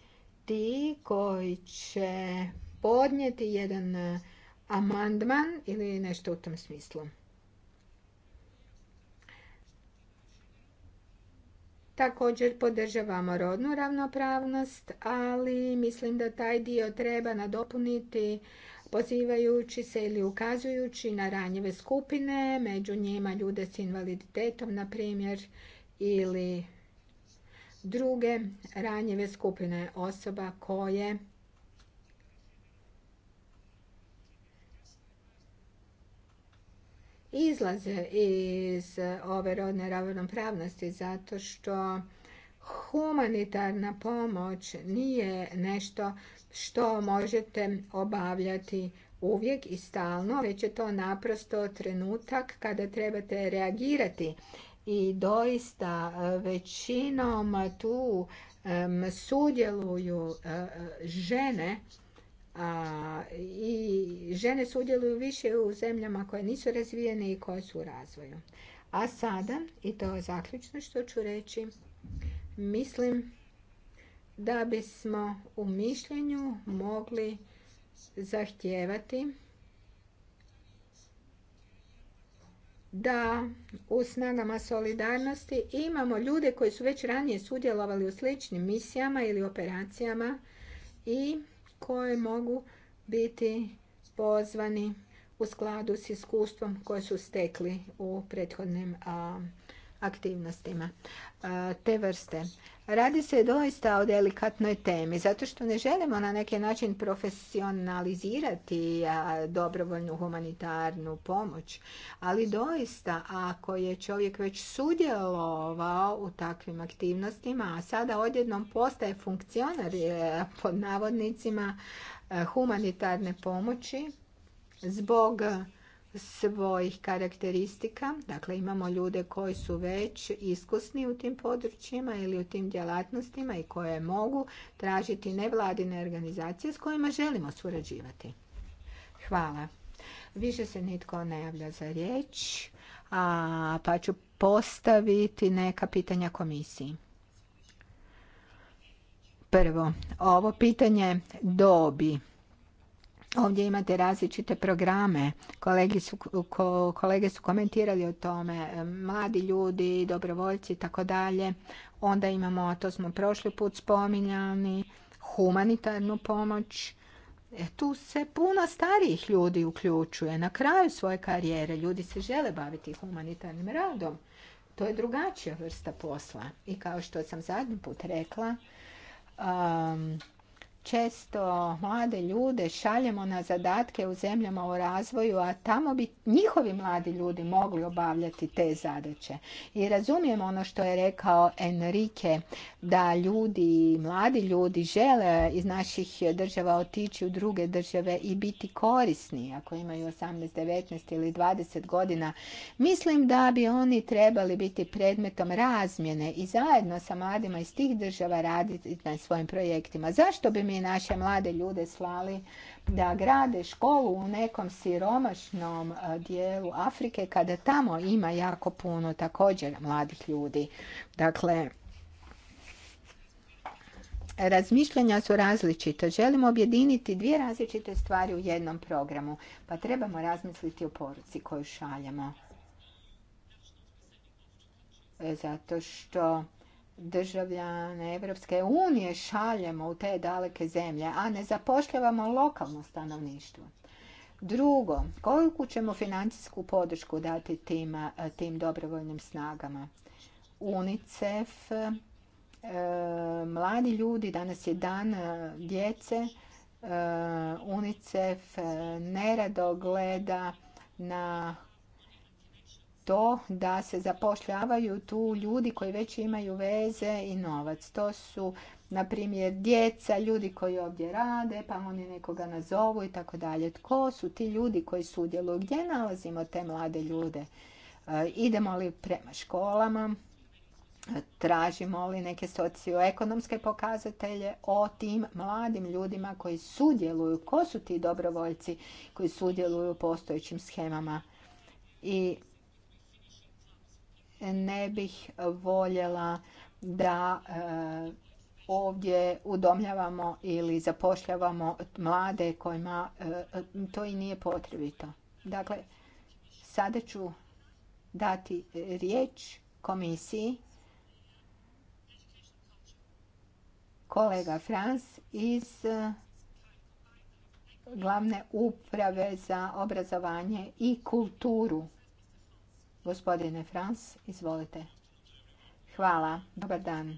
ti koji će podnijeti jedan amandman ili nešto u tom smislu. Također podržavamo rodnu ravnopravnost, ali mislim da taj dio treba nadopuniti pozivajući se ili ukazujući na ranjive skupine, među njima ljude s invaliditetom, na primjer, ili druge ranjive skupine osoba koje izlaze iz ove rodne ravnopravnosti zato što humanitarna pomoć nije nešto što možete obavljati uvijek i stalno, već je to naprosto trenutak kada trebate reagirati. I doista e, većinom tu sudjeluju e, e, žene a, i žene sudjeluju više u zemljama koje nisu razvijene i koje su u razvoju. A sada, i to je zaključno što ću reći, mislim da bismo u mišljenju mogli zahtijevati da u snagama solidarnosti imamo ljude koji su već ranije sudjelovali u sličnim misijama ili operacijama i koje mogu biti pozvani u skladu s iskustvom koje su stekli u prethodnim aktivnostima te vrste. Radi se doista o delikatnoj temi, zato što ne želimo na neki način profesionalizirati dobrovoljnu humanitarnu pomoć, ali doista ako je čovjek već sudjelovao u takvim aktivnostima, a sada odjednom postaje funkcionar e, pod navodnicima e, humanitarne pomoći zbog svojih karakteristika. Dakle, imamo ljude koji su već iskusni u tim područjima ili u tim djelatnostima i koje mogu tražiti nevladine organizacije s kojima želimo surađivati. Hvala. Više se nitko ne javlja za riječ, a, pa ću postaviti neka pitanja komisiji. Prvo, ovo pitanje dobi Ovdje imate različite programe. su, kolege su komentirali o tome. E, mladi ljudi, dobrovoljci i tako dalje. Onda imamo, to smo prošli put spominjali, humanitarnu pomoć. E, tu se puno starijih ljudi uključuje. Na kraju svoje karijere ljudi se žele baviti humanitarnim radom. To je drugačija vrsta posla. I kao što sam zadnji put rekla, um, često mlade ljude šaljemo na zadatke u zemljama u razvoju, a tamo bi njihovi mladi ljudi mogli obavljati te zadaće. I razumijem ono što je rekao Enrique, da ljudi, mladi ljudi žele iz naših država otići u druge države i biti korisni, ako imaju 18, 19 ili 20 godina. Mislim da bi oni trebali biti predmetom razmjene i zajedno sa mladima iz tih država raditi na svojim projektima. Zašto bi mi mi naše mlade ljude slali da grade školu u nekom siromašnom e, dijelu Afrike kada tamo ima jako puno također mladih ljudi. Dakle, razmišljanja su različita. Želimo objediniti dvije različite stvari u jednom programu, pa trebamo razmisliti o poruci koju šaljemo. E, zato što državljane Evropske unije šaljemo u te daleke zemlje, a ne zapošljavamo lokalno stanovništvo. Drugo, koliko ćemo financijsku podršku dati tim, dobrovoljnim snagama? UNICEF, e, mladi ljudi, danas je dan e, djece, e, UNICEF nerado gleda na to da se zapošljavaju tu ljudi koji već imaju veze i novac. To su, na primjer, djeca, ljudi koji ovdje rade, pa oni nekoga nazovu i tako dalje. Tko su ti ljudi koji sudjeluju? Gdje nalazimo te mlade ljude? E, idemo li prema školama? Tražimo li neke socioekonomske pokazatelje o tim mladim ljudima koji sudjeluju? Ko su ti dobrovoljci koji sudjeluju u postojećim schemama? I ne bih voljela da e, ovdje udomljavamo ili zapošljavamo mlade kojima e, to i nije potrebito. Dakle, sada ću dati riječ komisiji. Kolega Franz iz e, glavne uprave za obrazovanje i kulturu Gospodine Frans, izvolite. Hvala, dobar dan.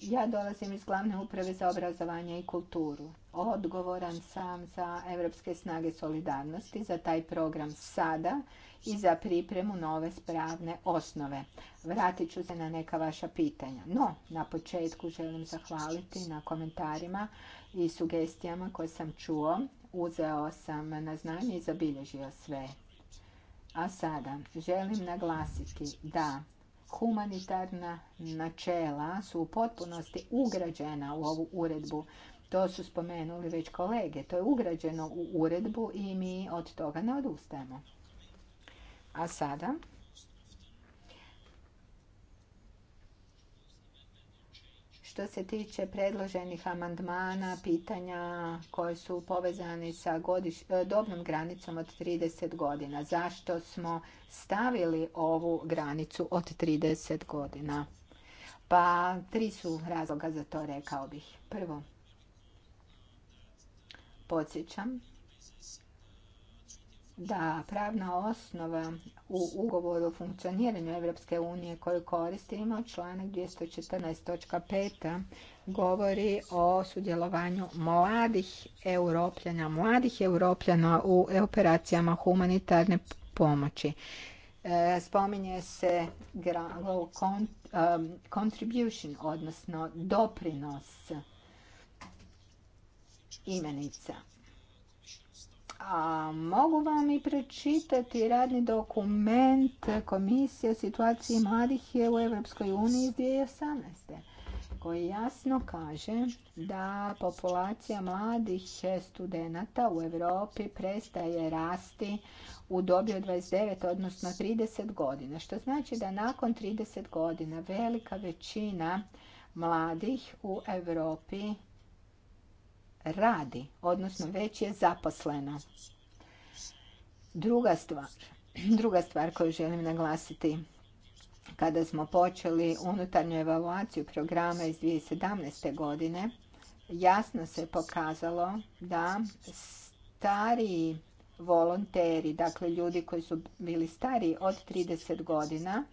Ja dolazim iz glavne uprave za obrazovanje i kulturu. Odgovoran sam za Evropske snage solidarnosti, za taj program sada i za pripremu nove spravne osnove. Vratit ću se na neka vaša pitanja. No, na početku želim zahvaliti na komentarima i sugestijama koje sam čuo. Uzeo sam na znanje i zabilježio sve. A sada želim naglasiti da humanitarna načela su u potpunosti ugrađena u ovu uredbu. To su spomenuli već kolege. To je ugrađeno u uredbu i mi od toga ne odustajemo. A sada Što se tiče predloženih amandmana, pitanja koji su povezani sa e, dobnom granicom od 30 godina, zašto smo stavili ovu granicu od 30 godina? Pa tri su razloga za to rekao bih. Prvo, podsjećam da pravna osnova u ugovoru o funkcioniranju Europske unije koju koristimo, članak 214.5 govori o sudjelovanju mladih europljana, mladih europljana u operacijama humanitarne pomoći. E, spominje se um, contribution, odnosno doprinos imenica a mogu vam i prečitati radni dokument Komisije o situaciji mladih je u Europskoj uniji iz 2018. koji jasno kaže da populacija mladih studenata u Europi prestaje rasti u dobi od 29, odnosno 30 godina. Što znači da nakon 30 godina velika većina mladih u Europi radi, odnosno već je zaposlena. Druga stvar, druga stvar koju želim naglasiti kada smo počeli unutarnju evaluaciju programa iz 2017. godine, jasno se pokazalo da stariji volonteri, dakle ljudi koji su bili stariji od 30 godina,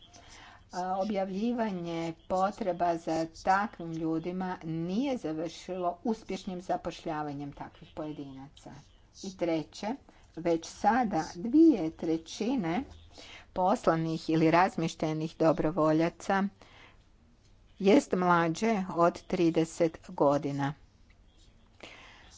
objavljivanje potreba za takvim ljudima nije završilo uspješnim zapošljavanjem takvih pojedinaca. I treće, već sada dvije trećine poslanih ili razmištenih dobrovoljaca jest mlađe od 30 godina.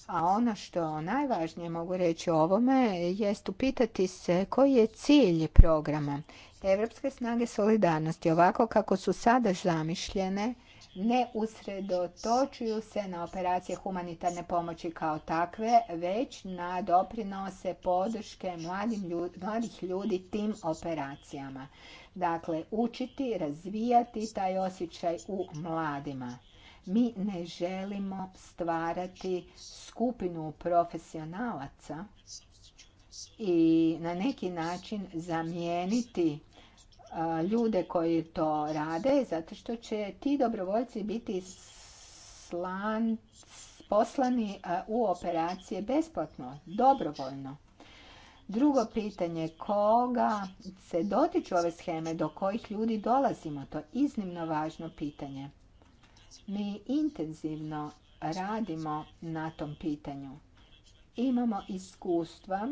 A ono što najvažnije mogu reći o ovome jest upitati se koji je cilj programa Evropske snage solidarnosti, ovako kako su sada zamišljene, ne usredotočuju se na operacije humanitarne pomoći kao takve, već na doprinose podrške mladih ljudi tim operacijama. Dakle, učiti, razvijati taj osjećaj u mladima. Mi ne želimo stvarati skupinu profesionalaca i na neki način zamijeniti ljude koji to rade, zato što će ti dobrovoljci biti slan, poslani u operacije besplatno, dobrovoljno. Drugo pitanje, koga se dotiču ove scheme, do kojih ljudi dolazimo, to je iznimno važno pitanje. Mi intenzivno radimo na tom pitanju. Imamo iskustva,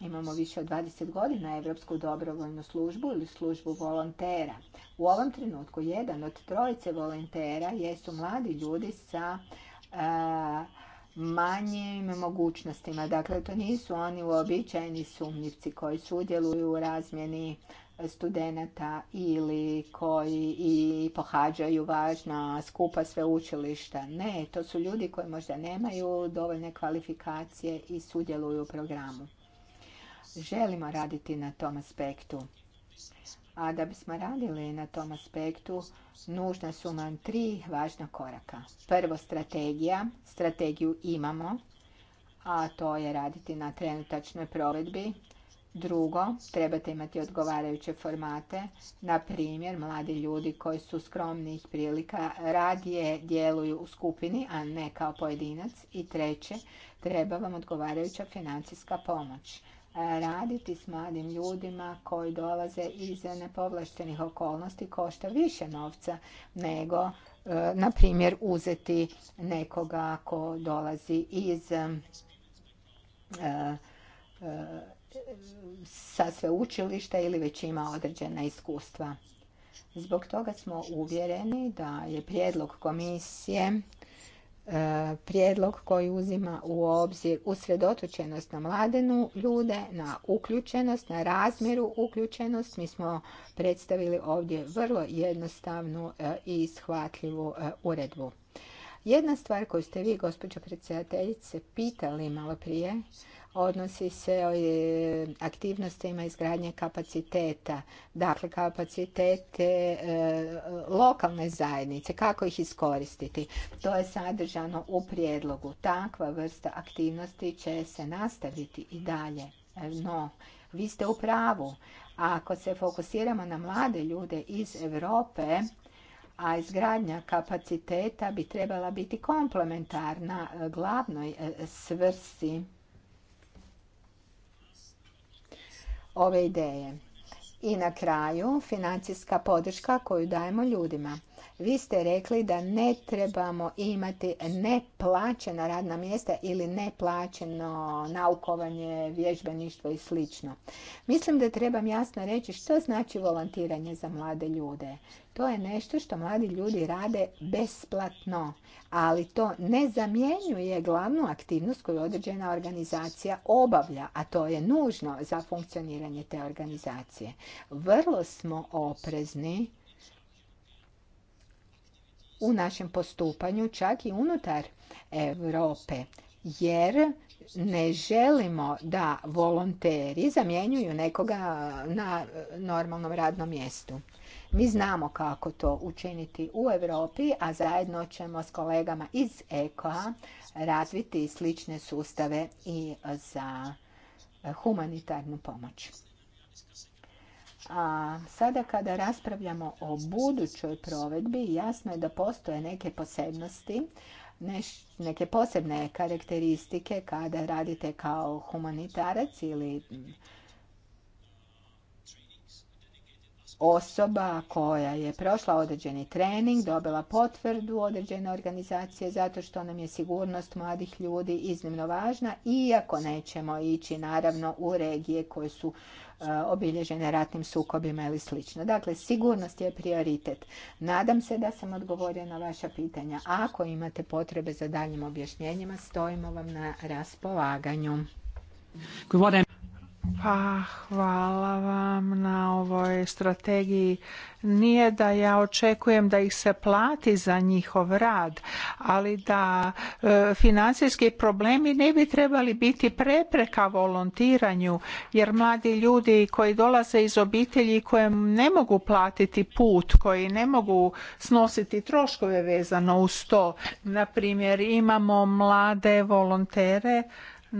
imamo više od 20 godina Evropsku dobrovoljnu službu ili službu volontera. U ovom trenutku jedan od trojice volontera jesu mladi ljudi sa manjim mogućnostima. Dakle, to nisu oni uobičajeni sumnjivci koji sudjeluju u razmjeni studenta ili koji i pohađaju važna skupa sveučilišta. Ne, to su ljudi koji možda nemaju dovoljne kvalifikacije i sudjeluju u programu. Želimo raditi na tom aspektu. A da bismo radili na tom aspektu, nužna su nam tri važna koraka. Prvo, strategija. Strategiju imamo, a to je raditi na trenutačnoj provedbi Drugo, trebate imati odgovarajuće formate, na primjer mladi ljudi koji su skromnih prilika radije djeluju u skupini, a ne kao pojedinac. I treće, treba vam odgovarajuća financijska pomoć. Raditi s mladim ljudima koji dolaze iz nepovlaštenih okolnosti košta više novca nego, e, na primjer, uzeti nekoga ko dolazi iz e, e, sa sveučilišta ili već ima određena iskustva. Zbog toga smo uvjereni da je prijedlog komisije e, prijedlog koji uzima u obzir usredotočenost na mladenu ljude, na uključenost, na razmjeru uključenost. Mi smo predstavili ovdje vrlo jednostavnu e, i shvatljivu e, uredbu. Jedna stvar koju ste vi, gospođo predsjedateljice, pitali malo prije, odnosi se o e, aktivnostima izgradnje kapaciteta, dakle kapacitete e, lokalne zajednice, kako ih iskoristiti. To je sadržano u prijedlogu. Takva vrsta aktivnosti će se nastaviti i dalje. No, vi ste u pravu. Ako se fokusiramo na mlade ljude iz Europe, a izgradnja kapaciteta bi trebala biti komplementarna glavnoj e, svrsi ove ideje. I na kraju, financijska podrška koju dajemo ljudima. Vi ste rekli da ne trebamo imati neplaćena radna mjesta ili neplaćeno naukovanje, vježbeništvo i sl. Mislim da trebam jasno reći što znači volontiranje za mlade ljude. To je nešto što mladi ljudi rade besplatno, ali to ne zamjenjuje glavnu aktivnost koju određena organizacija obavlja, a to je nužno za funkcioniranje te organizacije. Vrlo smo oprezni u našem postupanju čak i unutar Europe jer ne želimo da volonteri zamjenjuju nekoga na normalnom radnom mjestu. Mi znamo kako to učiniti u Europi, a zajedno ćemo s kolegama iz eko razviti slične sustave i za humanitarnu pomoć. A sada kada raspravljamo o budućoj provedbi, jasno je da postoje neke posebnosti, neke posebne karakteristike kada radite kao humanitarac ili osoba koja je prošla određeni trening, dobila potvrdu određene organizacije zato što nam je sigurnost mladih ljudi iznimno važna, iako nećemo ići naravno u regije koje su e, obilježene ratnim sukobima ili slično. Dakle, sigurnost je prioritet. Nadam se da sam odgovorila na vaša pitanja. Ako imate potrebe za daljnjim objašnjenjima, stojimo vam na raspolaganju. Pa hvala vam na ovoj strategiji. Nije da ja očekujem da ih se plati za njihov rad, ali da e, financijski problemi ne bi trebali biti prepreka volontiranju jer mladi ljudi koji dolaze iz obitelji koje ne mogu platiti put, koji ne mogu snositi troškove vezano uz to. Na primjer, imamo mlade volontere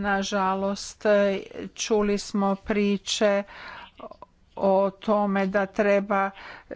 Nažalost, čuli smo priče o tome da treba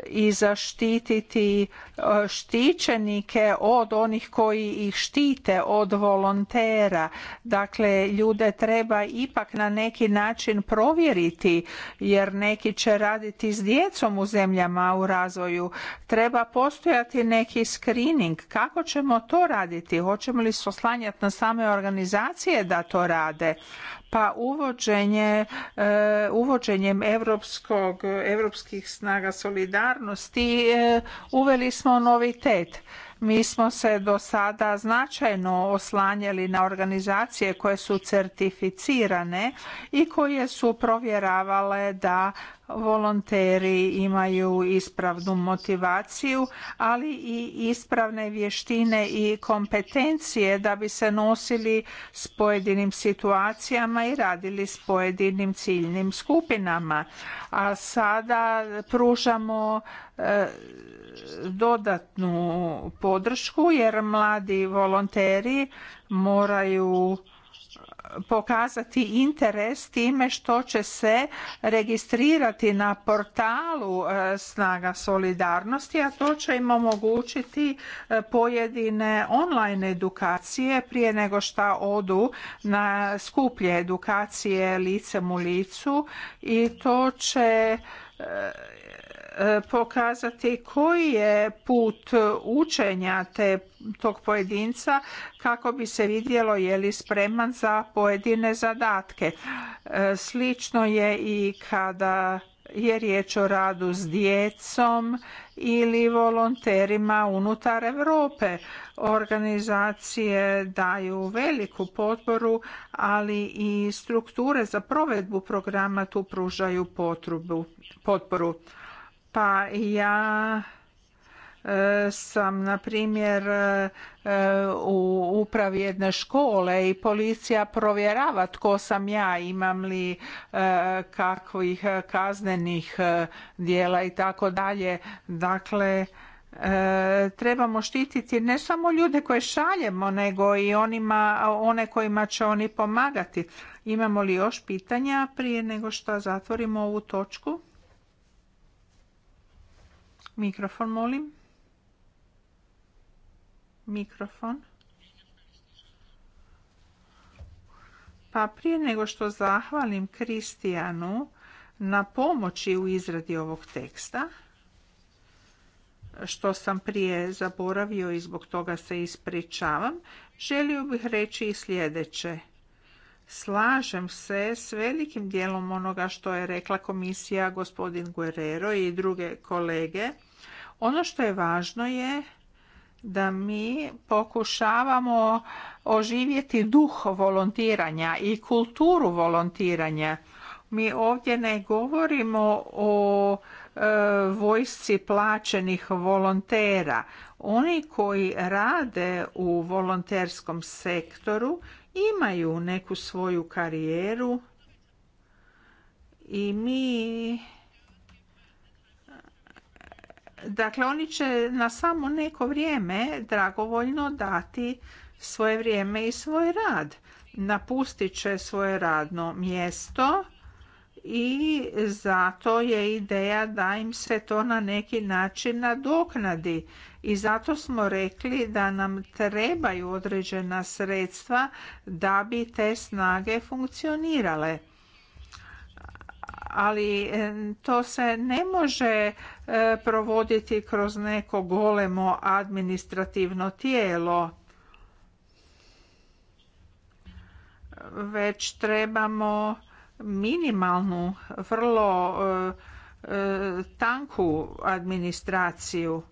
i zaštititi e, štićenike od onih koji ih štite, od volontera. Dakle, ljude treba ipak na neki način provjeriti jer neki će raditi s djecom u zemljama u razvoju. Treba postojati neki screening. Kako ćemo to raditi? Hoćemo li se oslanjati na same organizacije da to rade? pa uvođenje, e, uvođenjem europskog, europskih snaga solidarnosti e, uveli smo novitet. Mi smo se do sada značajno oslanjali na organizacije koje su certificirane i koje su provjeravale da volonteri imaju ispravnu motivaciju, ali i ispravne vještine i kompetencije da bi se nosili s pojedinim situacijama i radili s pojedinim ciljnim skupinama. A sada pružamo e, dodatnu podršku jer mladi volonteri moraju pokazati interes time što će se registrirati na portalu e, snaga solidarnosti a to će im omogućiti e, pojedine online edukacije prije nego što odu na skuplje edukacije licem u licu i to će e, E, pokazati koji je put učenja te, tog pojedinca kako bi se vidjelo je li spreman za pojedine zadatke. E, slično je i kada je riječ o radu s djecom ili volonterima unutar Europe. Organizacije daju veliku potporu, ali i strukture za provedbu programa tu pružaju potrubu, potporu. Pa ja e, sam na primjer e, e, u upravi jedne škole i policija provjerava tko sam ja, imam li kakvih kaznenih djela i tako dalje. Dakle, trebamo štititi ne samo ljude koje šaljemo, nego i onima, one kojima će oni pomagati. Imamo li još pitanja prije nego što zatvorimo ovu točku? Mikrofon, molim. Mikrofon. Pa prije nego što zahvalim Kristijanu na pomoći u izradi ovog teksta, što sam prije zaboravio i zbog toga se ispričavam, želio bih reći i sljedeće. Slažem se s velikim dijelom onoga što je rekla komisija gospodin Guerrero i druge kolege ono što je važno je da mi pokušavamo oživjeti duh volontiranja i kulturu volontiranja. Mi ovdje ne govorimo o e, vojsci plaćenih volontera. Oni koji rade u volonterskom sektoru imaju neku svoju karijeru i mi Dakle, oni će na samo neko vrijeme dragovoljno dati svoje vrijeme i svoj rad. Napustit će svoje radno mjesto i zato je ideja da im se to na neki način nadoknadi. I zato smo rekli da nam trebaju određena sredstva da bi te snage funkcionirale ali e, to se ne može e, provoditi kroz neko golemo administrativno tijelo. Već trebamo minimalnu, vrlo e, tanku administraciju.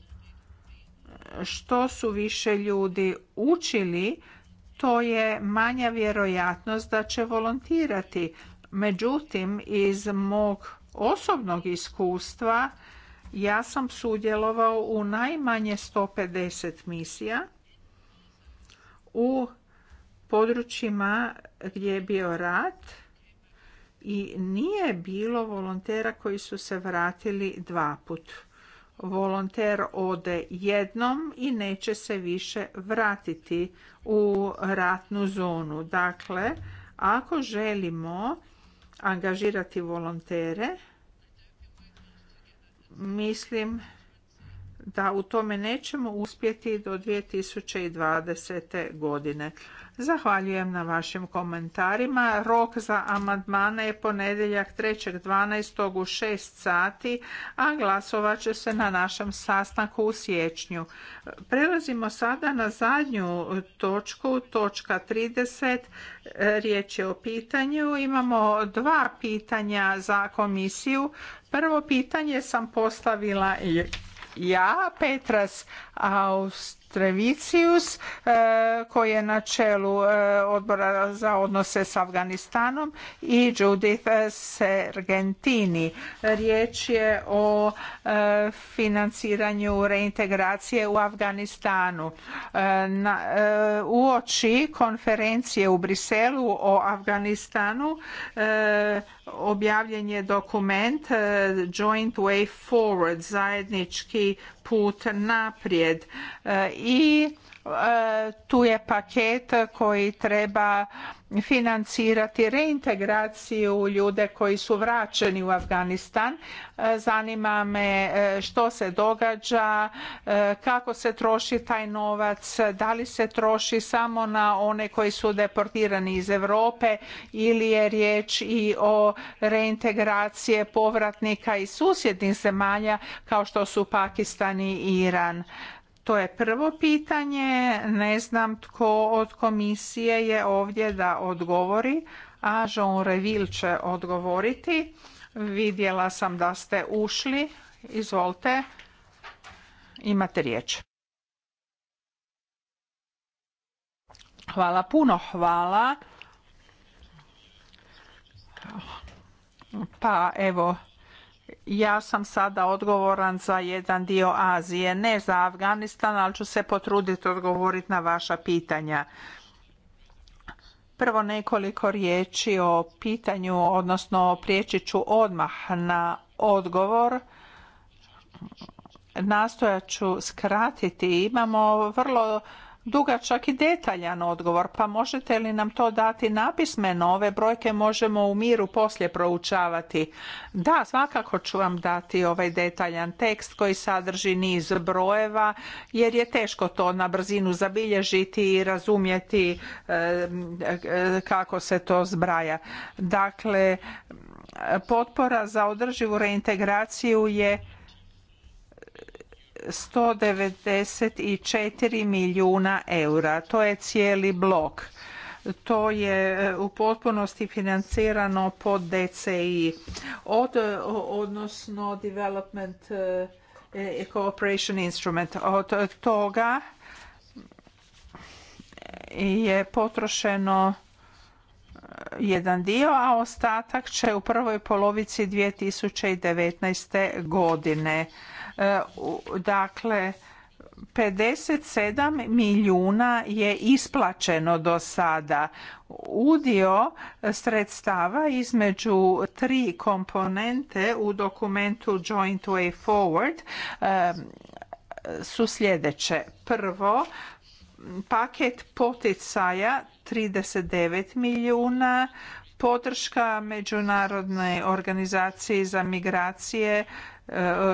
Što su više ljudi učili, to je manja vjerojatnost da će volontirati. Međutim, iz mog osobnog iskustva ja sam sudjelovao u najmanje 150 misija u područjima gdje je bio rat i nije bilo volontera koji su se vratili dva put. Volonter ode jednom i neće se više vratiti u ratnu zonu. Dakle, ako želimo angažirati volontere. Mislim da u tome nećemo uspjeti do 2020. godine. Zahvaljujem na vašim komentarima. Rok za amandmane je ponedjeljak 3.12. u 6 sati, a glasovat će se na našem sastanku u siječnju. Prelazimo sada na zadnju točku, točka 30. Riječ je o pitanju. Imamo dva pitanja za komisiju. Prvo pitanje sam postavila ja, Petras Aust Trevicius eh, koji je na čelu eh, odbora za odnose s Afganistanom i Judith Sergentini. Riječ je o eh, financiranju reintegracije u Afganistanu. U oči konferencije u Briselu o Afganistanu objavljen je dokument Joint Way Forward, zajednički put naprijed i e, tu je paket koji treba financirati reintegraciju ljude koji su vraćeni u Afganistan. E, zanima me e, što se događa, kako se troši taj novac, da li se troši samo na one koji su deportirani iz Europe ili je riječ i o reintegracije povratnika iz susjednih zemalja kao što su Pakistan i Iran to je prvo pitanje. Ne znam tko od komisije je ovdje da odgovori, a Jean Reville će odgovoriti. Vidjela sam da ste ušli. Izvolite, imate riječ. Hvala puno, hvala. Pa evo, ja sam sada odgovoran za jedan dio Azije, ne za Afganistan, ali ću se potruditi odgovoriti na vaša pitanja. Prvo nekoliko riječi o pitanju, odnosno prijeći ću odmah na odgovor. Nastojat ću skratiti. Imamo vrlo dugačak i detaljan odgovor, pa možete li nam to dati napismeno? Ove brojke možemo u miru poslije proučavati. Da, svakako ću vam dati ovaj detaljan tekst koji sadrži niz brojeva, jer je teško to na brzinu zabilježiti i razumjeti e, e, kako se to zbraja. Dakle, potpora za održivu reintegraciju je 194 milijuna eura. To je cijeli blok. To je e, u potpunosti financirano po DCI, e, odnosno Development e, Cooperation Instrument. Od toga je potrošeno jedan dio, a ostatak će u prvoj polovici 2019. godine E, dakle, 57 milijuna je isplaćeno do sada. Udio sredstava između tri komponente u dokumentu Joint Way Forward e, su sljedeće. Prvo, paket poticaja 39 milijuna, podrška Međunarodne organizacije za migracije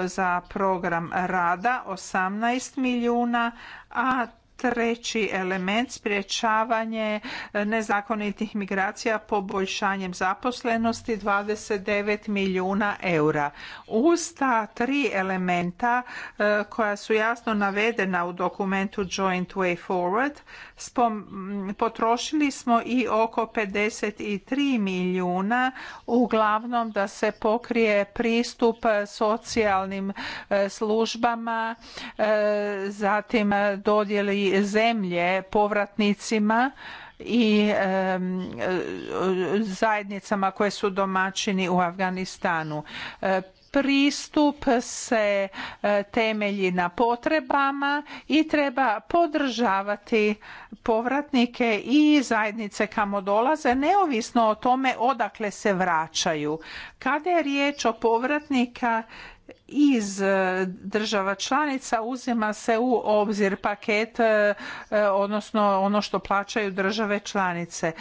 za program rada 18 milijuna, a treći element sprječavanje nezakonitih migracija poboljšanjem zaposlenosti 29 milijuna eura. Uz ta tri elementa e, koja su jasno navedena u dokumentu Joint Way Forward potrošili smo i oko 53 milijuna uglavnom da se pokrije pristup socijalnim e, službama e, zatim dodjeli zemlje povratnicima i e, zajednicama koje su domaćini u Afganistanu. E, pristup se e, temelji na potrebama i treba podržavati povratnike i zajednice kamo dolaze neovisno o tome odakle se vraćaju. Kada je riječ o povratnika iz e, država članica uzima se u obzir paket e, e, odnosno ono što plaćaju države članice.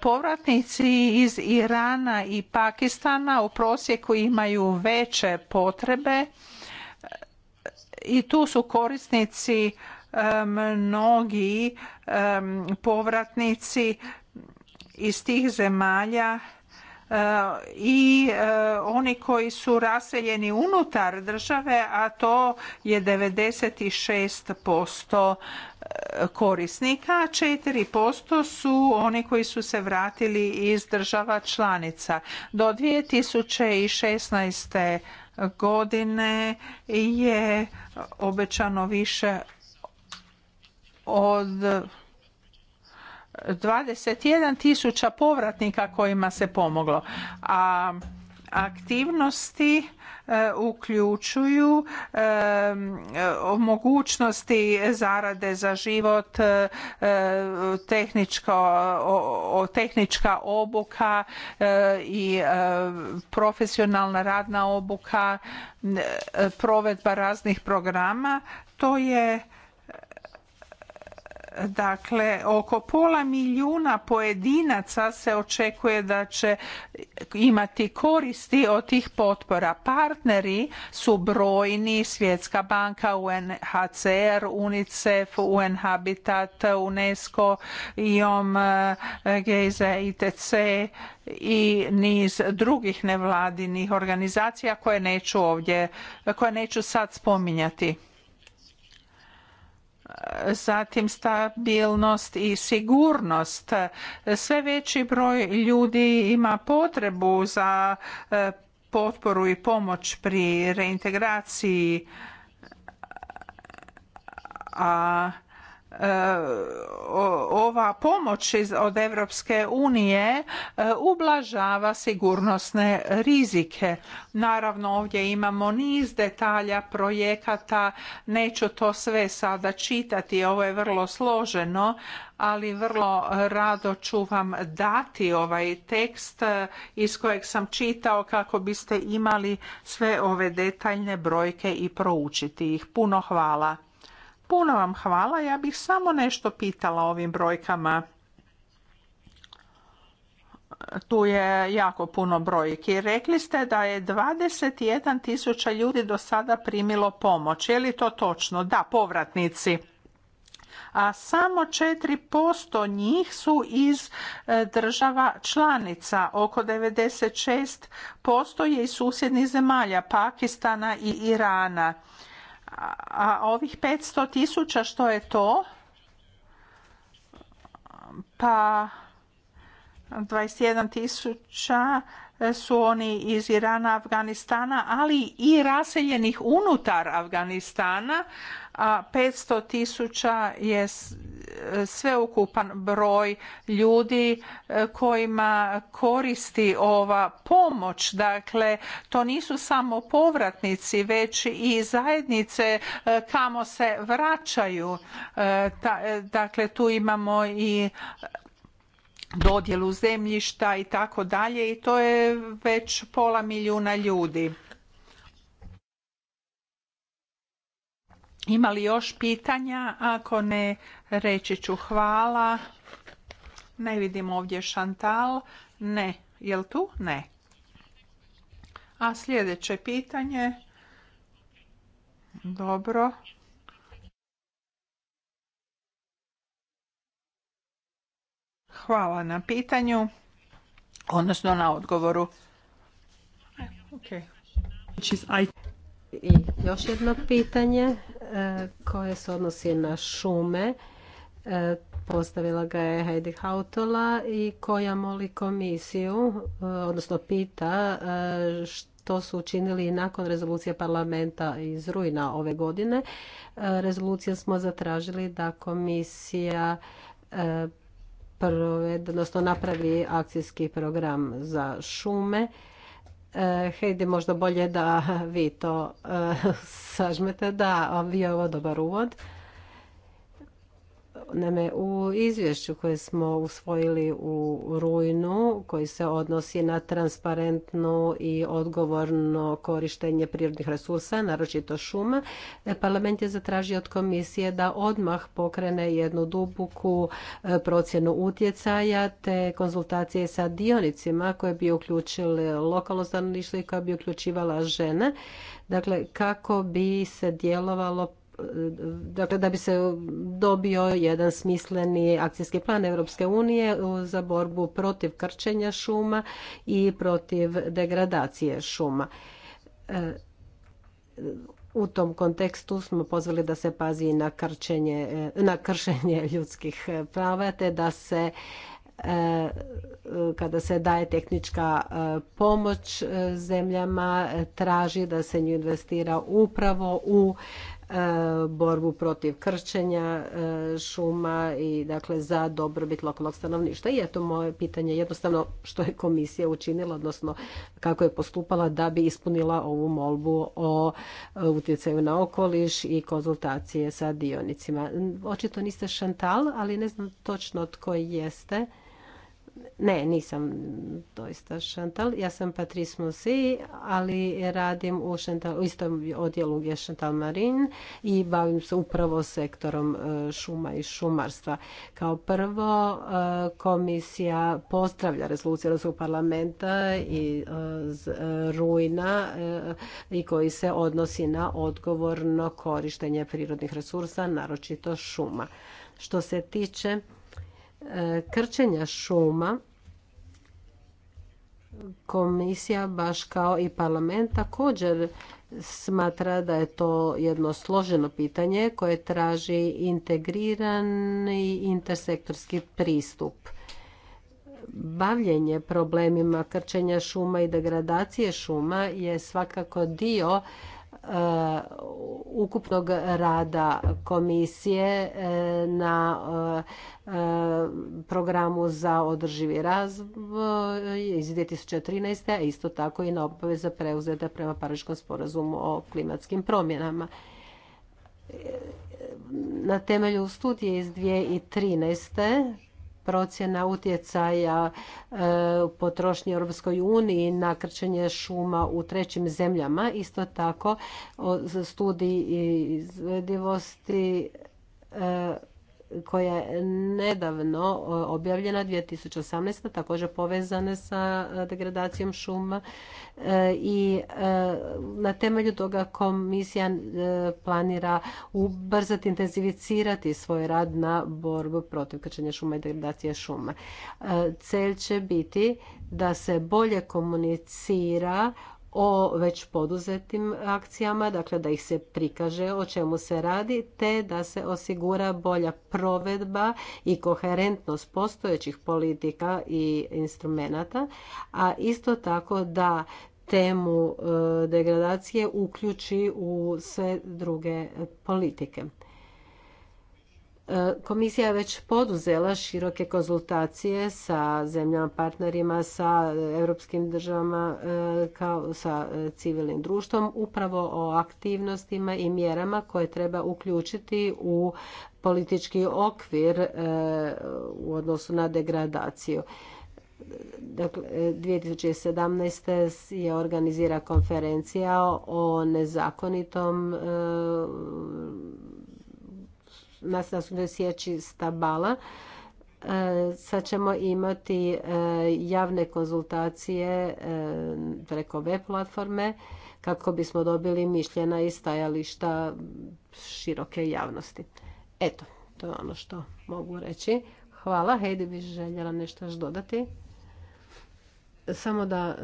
Povratnici iz Irana i Pakistana u prosjeku imaju veće potrebe i tu su korisnici mnogi povratnici iz tih zemalja i e, oni koji su raseljeni unutar države, a to je 96% e, korisnika, a 4% su oni koji su se vratili iz država članica. Do 2016 godine je obećano više od 21 tisuća povratnika kojima se pomoglo. A aktivnosti e, uključuju e, mogućnosti zarade za život, e, tehnička obuka i profesionalna radna obuka, provedba raznih programa. To je Dakle, oko pola milijuna pojedinaca se očekuje da će imati koristi od tih potpora. Partneri su brojni, Svjetska banka, UNHCR, UNICEF, UN Habitat, UNESCO, IOM, GEZA, ITC i niz drugih nevladinih organizacija koje neću ovdje, koje neću sad spominjati zatim stabilnost i sigurnost. Sve veći broj ljudi ima potrebu za e, potporu i pomoć pri reintegraciji a E, ova pomoć od Europske unije e, ublažava sigurnosne rizike. Naravno ovdje imamo niz detalja projekata, neću to sve sada čitati, ovo je vrlo složeno, ali vrlo rado ću vam dati ovaj tekst e, iz kojeg sam čitao kako biste imali sve ove detaljne brojke i proučiti ih. Puno hvala. Puno vam hvala. Ja bih samo nešto pitala o ovim brojkama. Tu je jako puno brojki. Rekli ste da je 21 tisuća ljudi do sada primilo pomoć. Je li to točno? Da, povratnici a samo 4% njih su iz e, država članica. Oko 96% je iz susjednih zemalja, Pakistana i Irana a ovih 500 tisuća što je to? Pa 21 tisuća su oni iz Irana, Afganistana, ali i raseljenih unutar Afganistana, a 500 tisuća je e, sveukupan broj ljudi e, kojima koristi ova pomoć. Dakle, to nisu samo povratnici, već i zajednice e, kamo se vraćaju. Dakle, tu imamo i dodjelu zemljišta i tako dalje i to je već pola milijuna ljudi. Ima li još pitanja? Ako ne, reći ću hvala. Ne vidim ovdje Šantal. Ne. Jel tu? Ne. A sljedeće pitanje. Dobro. Hvala na pitanju, odnosno na odgovoru. I još jedno pitanje E, koje se odnosi na šume. E, postavila ga je Heidi Hautola i koja moli komisiju, e, odnosno pita što su učinili nakon rezolucije parlamenta iz rujna ove godine. Rezoluciju smo zatražili da komisija odnosno napravi akcijski program za šume Eh, Heidi, možda bolje da vi to eh, sažmete. Da, bio je ovo dobar uvod. Naime, u izvješću koje smo usvojili u rujnu, koji se odnosi na transparentno i odgovorno korištenje prirodnih resursa, naročito šuma, e, parlament je zatražio od komisije da odmah pokrene jednu dubuku e, procjenu utjecaja te konzultacije sa dionicima koje bi uključile lokalno stanovništvo i koja bi uključivala žene. Dakle, kako bi se djelovalo dakle da bi se dobio jedan smisleni akcijski plan Europske unije za borbu protiv krčenja šuma i protiv degradacije šuma. E, u tom kontekstu smo pozvali da se pazi na, krčenje, e, na kršenje ljudskih prava te da se e, kada se daje tehnička pomoć zemljama, traži da se nju investira upravo u E, borbu protiv krčenja e, šuma i dakle za dobrobit lokalnog stanovništva. I eto moje pitanje jednostavno što je komisija učinila, odnosno kako je postupala da bi ispunila ovu molbu o e, utjecaju na okoliš i konzultacije sa dionicima. Očito niste Šantal, ali ne znam točno tko jeste ne, nisam doista Šantal. Ja sam Patrice Musi, ali radim u, Šantal, istom odjelu gdje je Šantal Marin i bavim se upravo sektorom e, šuma i šumarstva. Kao prvo, e, komisija pozdravlja rezoluciju Europskog parlamenta i e, rujna i koji se odnosi na odgovorno korištenje prirodnih resursa, naročito šuma. Što se tiče krčenja šuma komisija baš kao i parlament također smatra da je to jedno složeno pitanje koje traži integrirani intersektorski pristup. Bavljenje problemima krčenja šuma i degradacije šuma je svakako dio Eh, ukupnog rada komisije eh, na eh, programu za održivi razvoj iz 2013. a isto tako i na obaveze preuzete prema Pariškom sporazumu o klimatskim promjenama. Na temelju studije iz 2013 procjena utjecaja e, potrošnje Europskoj uniji na krčenje šuma u trećim zemljama. Isto tako studij izvedivosti e, koja je nedavno objavljena 2018. također povezane sa e, degradacijom šuma e, i e, na temelju toga komisija planira ubrzati, intenzivicirati svoj rad na borbu protiv krčenja šuma i degradacije šuma. Cel će biti da se bolje komunicira o već poduzetim akcijama, dakle da ih se prikaže o čemu se radi, te da se osigura bolja provedba i koherentnost postojećih politika i instrumenata, a isto tako da temu e, degradacije uključi u sve druge politike. Komisija je već poduzela široke konzultacije sa zemljama partnerima, sa europskim državama, e, kao sa e, civilnim društvom, upravo o aktivnostima i mjerama koje treba uključiti u politički okvir e, u odnosu na degradaciju. Dakle, 2017. je organizira konferencija o nezakonitom su sjeći stabala. E, sad ćemo imati e, javne konzultacije e, preko web platforme kako bismo dobili mišljena i stajališta široke javnosti. Eto, to je ono što mogu reći. Hvala. Heidi, bi željela nešto još dodati? Samo da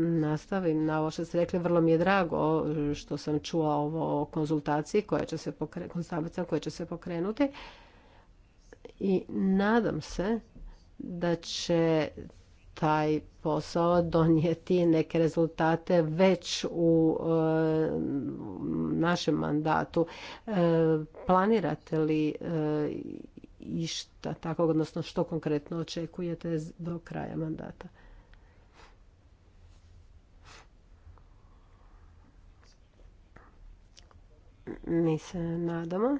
nastavim na ovo što ste rekli. Vrlo mi je drago što sam čula ovo o konzultaciji koja će se pokrenuti, će se pokrenuti. I nadam se da će taj posao donijeti neke rezultate već u e, našem mandatu. E, planirate li e, išta tako odnosno što konkretno očekujete do kraja mandata? Mi se nadamo.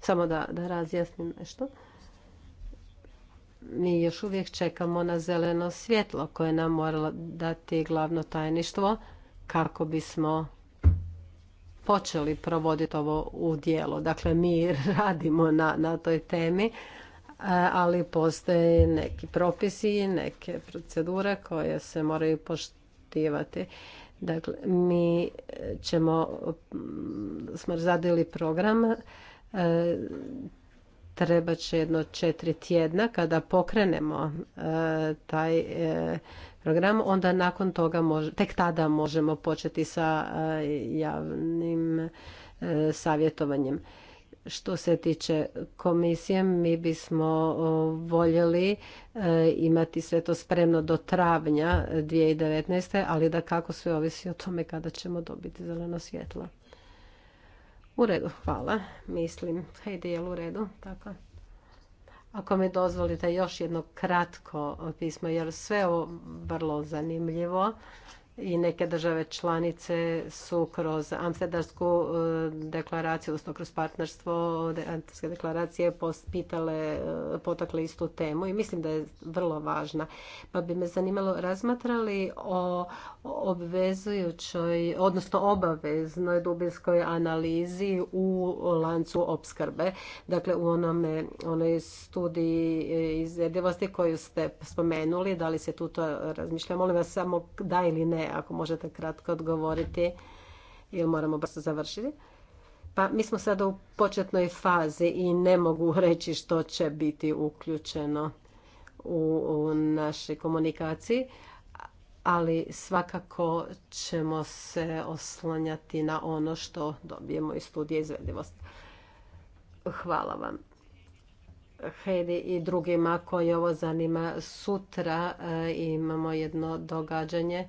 Samo da, da razjasnim nešto. Mi još uvijek čekamo na zeleno svjetlo koje nam moralo dati glavno tajništvo kako bismo počeli provoditi ovo u dijelo. Dakle, mi radimo na, na toj temi, ali postoje neki propisi, neke procedure koje se moraju poštivati. Dakle, mi e, ćemo, mm, smo zadili program, e, treba će jedno četiri tjedna kada pokrenemo e, taj program, onda nakon toga tek tada možemo početi sa javnim savjetovanjem. Što se tiče komisije, mi bismo voljeli e, imati sve to spremno do travnja 2019. ali da kako sve ovisi o tome kada ćemo dobiti zeleno svjetlo. U redu, hvala. Mislim, Heidi, u redu? Tako. Ako mi dozvolite još jedno kratko pismo, jer sve ovo vrlo zanimljivo i neke države članice su kroz Amsterdamsku e, deklaraciju, odnosno kroz partnerstvo Amsterdamske deklaracije pospitale, e, potakle istu temu i mislim da je vrlo važna. Pa bi me zanimalo razmatrali o obvezujućoj, odnosno obaveznoj dubinskoj analizi u lancu opskrbe. Dakle, u onome, onoj studiji izvedivosti koju ste spomenuli, da li se tu to razmišlja, molim vas samo da ili ne ako možete kratko odgovoriti, jer moramo brzo završiti. Pa mi smo sada u početnoj fazi i ne mogu reći što će biti uključeno u, u našoj komunikaciji, ali svakako ćemo se oslanjati na ono što dobijemo iz studije izvedivosti. Hvala vam. Heidi i drugima koji ovo zanima. Sutra e, imamo jedno događanje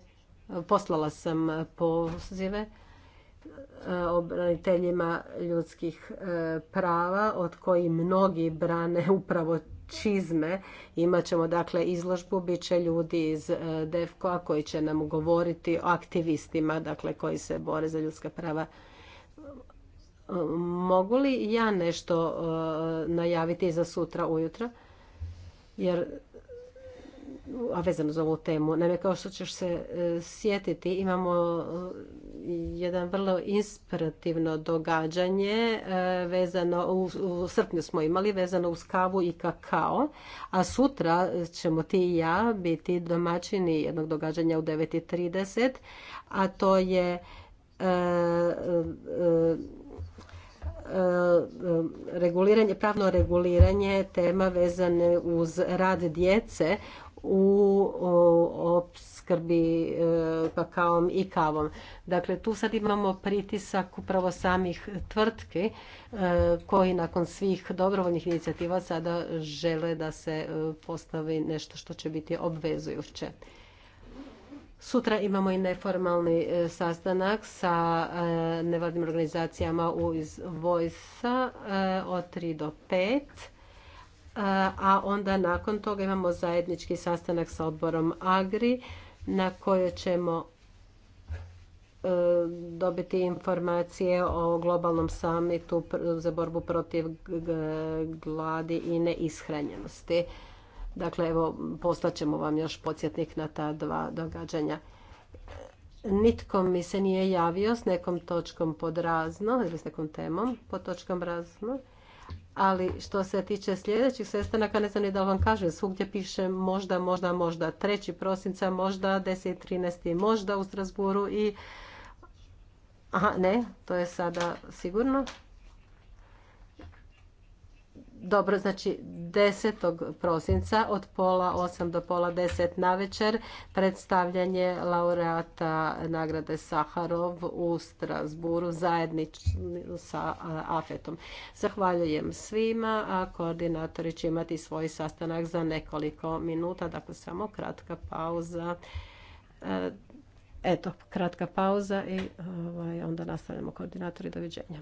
poslala sam pozive e, obraniteljima ljudskih e, prava od koji mnogi brane upravo čizme. Imat ćemo dakle izložbu, bit će ljudi iz e, DEFKO-a koji će nam govoriti o aktivistima dakle, koji se bore za ljudska prava. Mogu li ja nešto najaviti za sutra ujutro? Jer a vezano za ovu temu. Naime, kao što ćeš se e, sjetiti, imamo e, jedan vrlo inspirativno događanje e, vezano, u, srpnju smo imali, vezano uz kavu i kakao, a sutra ćemo ti i ja biti domaćini jednog događanja u 9.30, a to je reguliranje, pravno reguliranje tema vezane uz rad djece u opskrbi e, kakaom i kavom. Dakle, tu sad imamo pritisak upravo samih tvrtki e, koji nakon svih dobrovoljnih inicijativa sada žele da se e, postavi nešto što će biti obvezujuće. Sutra imamo i neformalni sastanak sa nevladnim organizacijama iz Vojsa od 3 do 5 a onda nakon toga imamo zajednički sastanak sa odborom Agri na kojoj ćemo e, dobiti informacije o globalnom samitu za borbu protiv gladi i neishranjenosti. Dakle, evo, ćemo vam još podsjetnik na ta dva događanja. Nitko mi se nije javio s nekom točkom pod razno ili s nekom temom pod točkom razno ali što se tiče sljedećih sestanaka, ne znam ni da vam kažem, svugdje piše možda, možda, možda, treći prosinca, možda, 10. i 13. možda u Strasburu i... Aha, ne, to je sada sigurno dobro, znači 10. prosinca od pola 8 do pola 10 na večer predstavljanje laureata nagrade Saharov u Strasburu zajednično sa AFET-om. Zahvaljujem svima, a koordinatori će imati svoj sastanak za nekoliko minuta, dakle samo kratka pauza. E, eto, kratka pauza i ovaj, onda nastavljamo koordinatori. Doviđenja.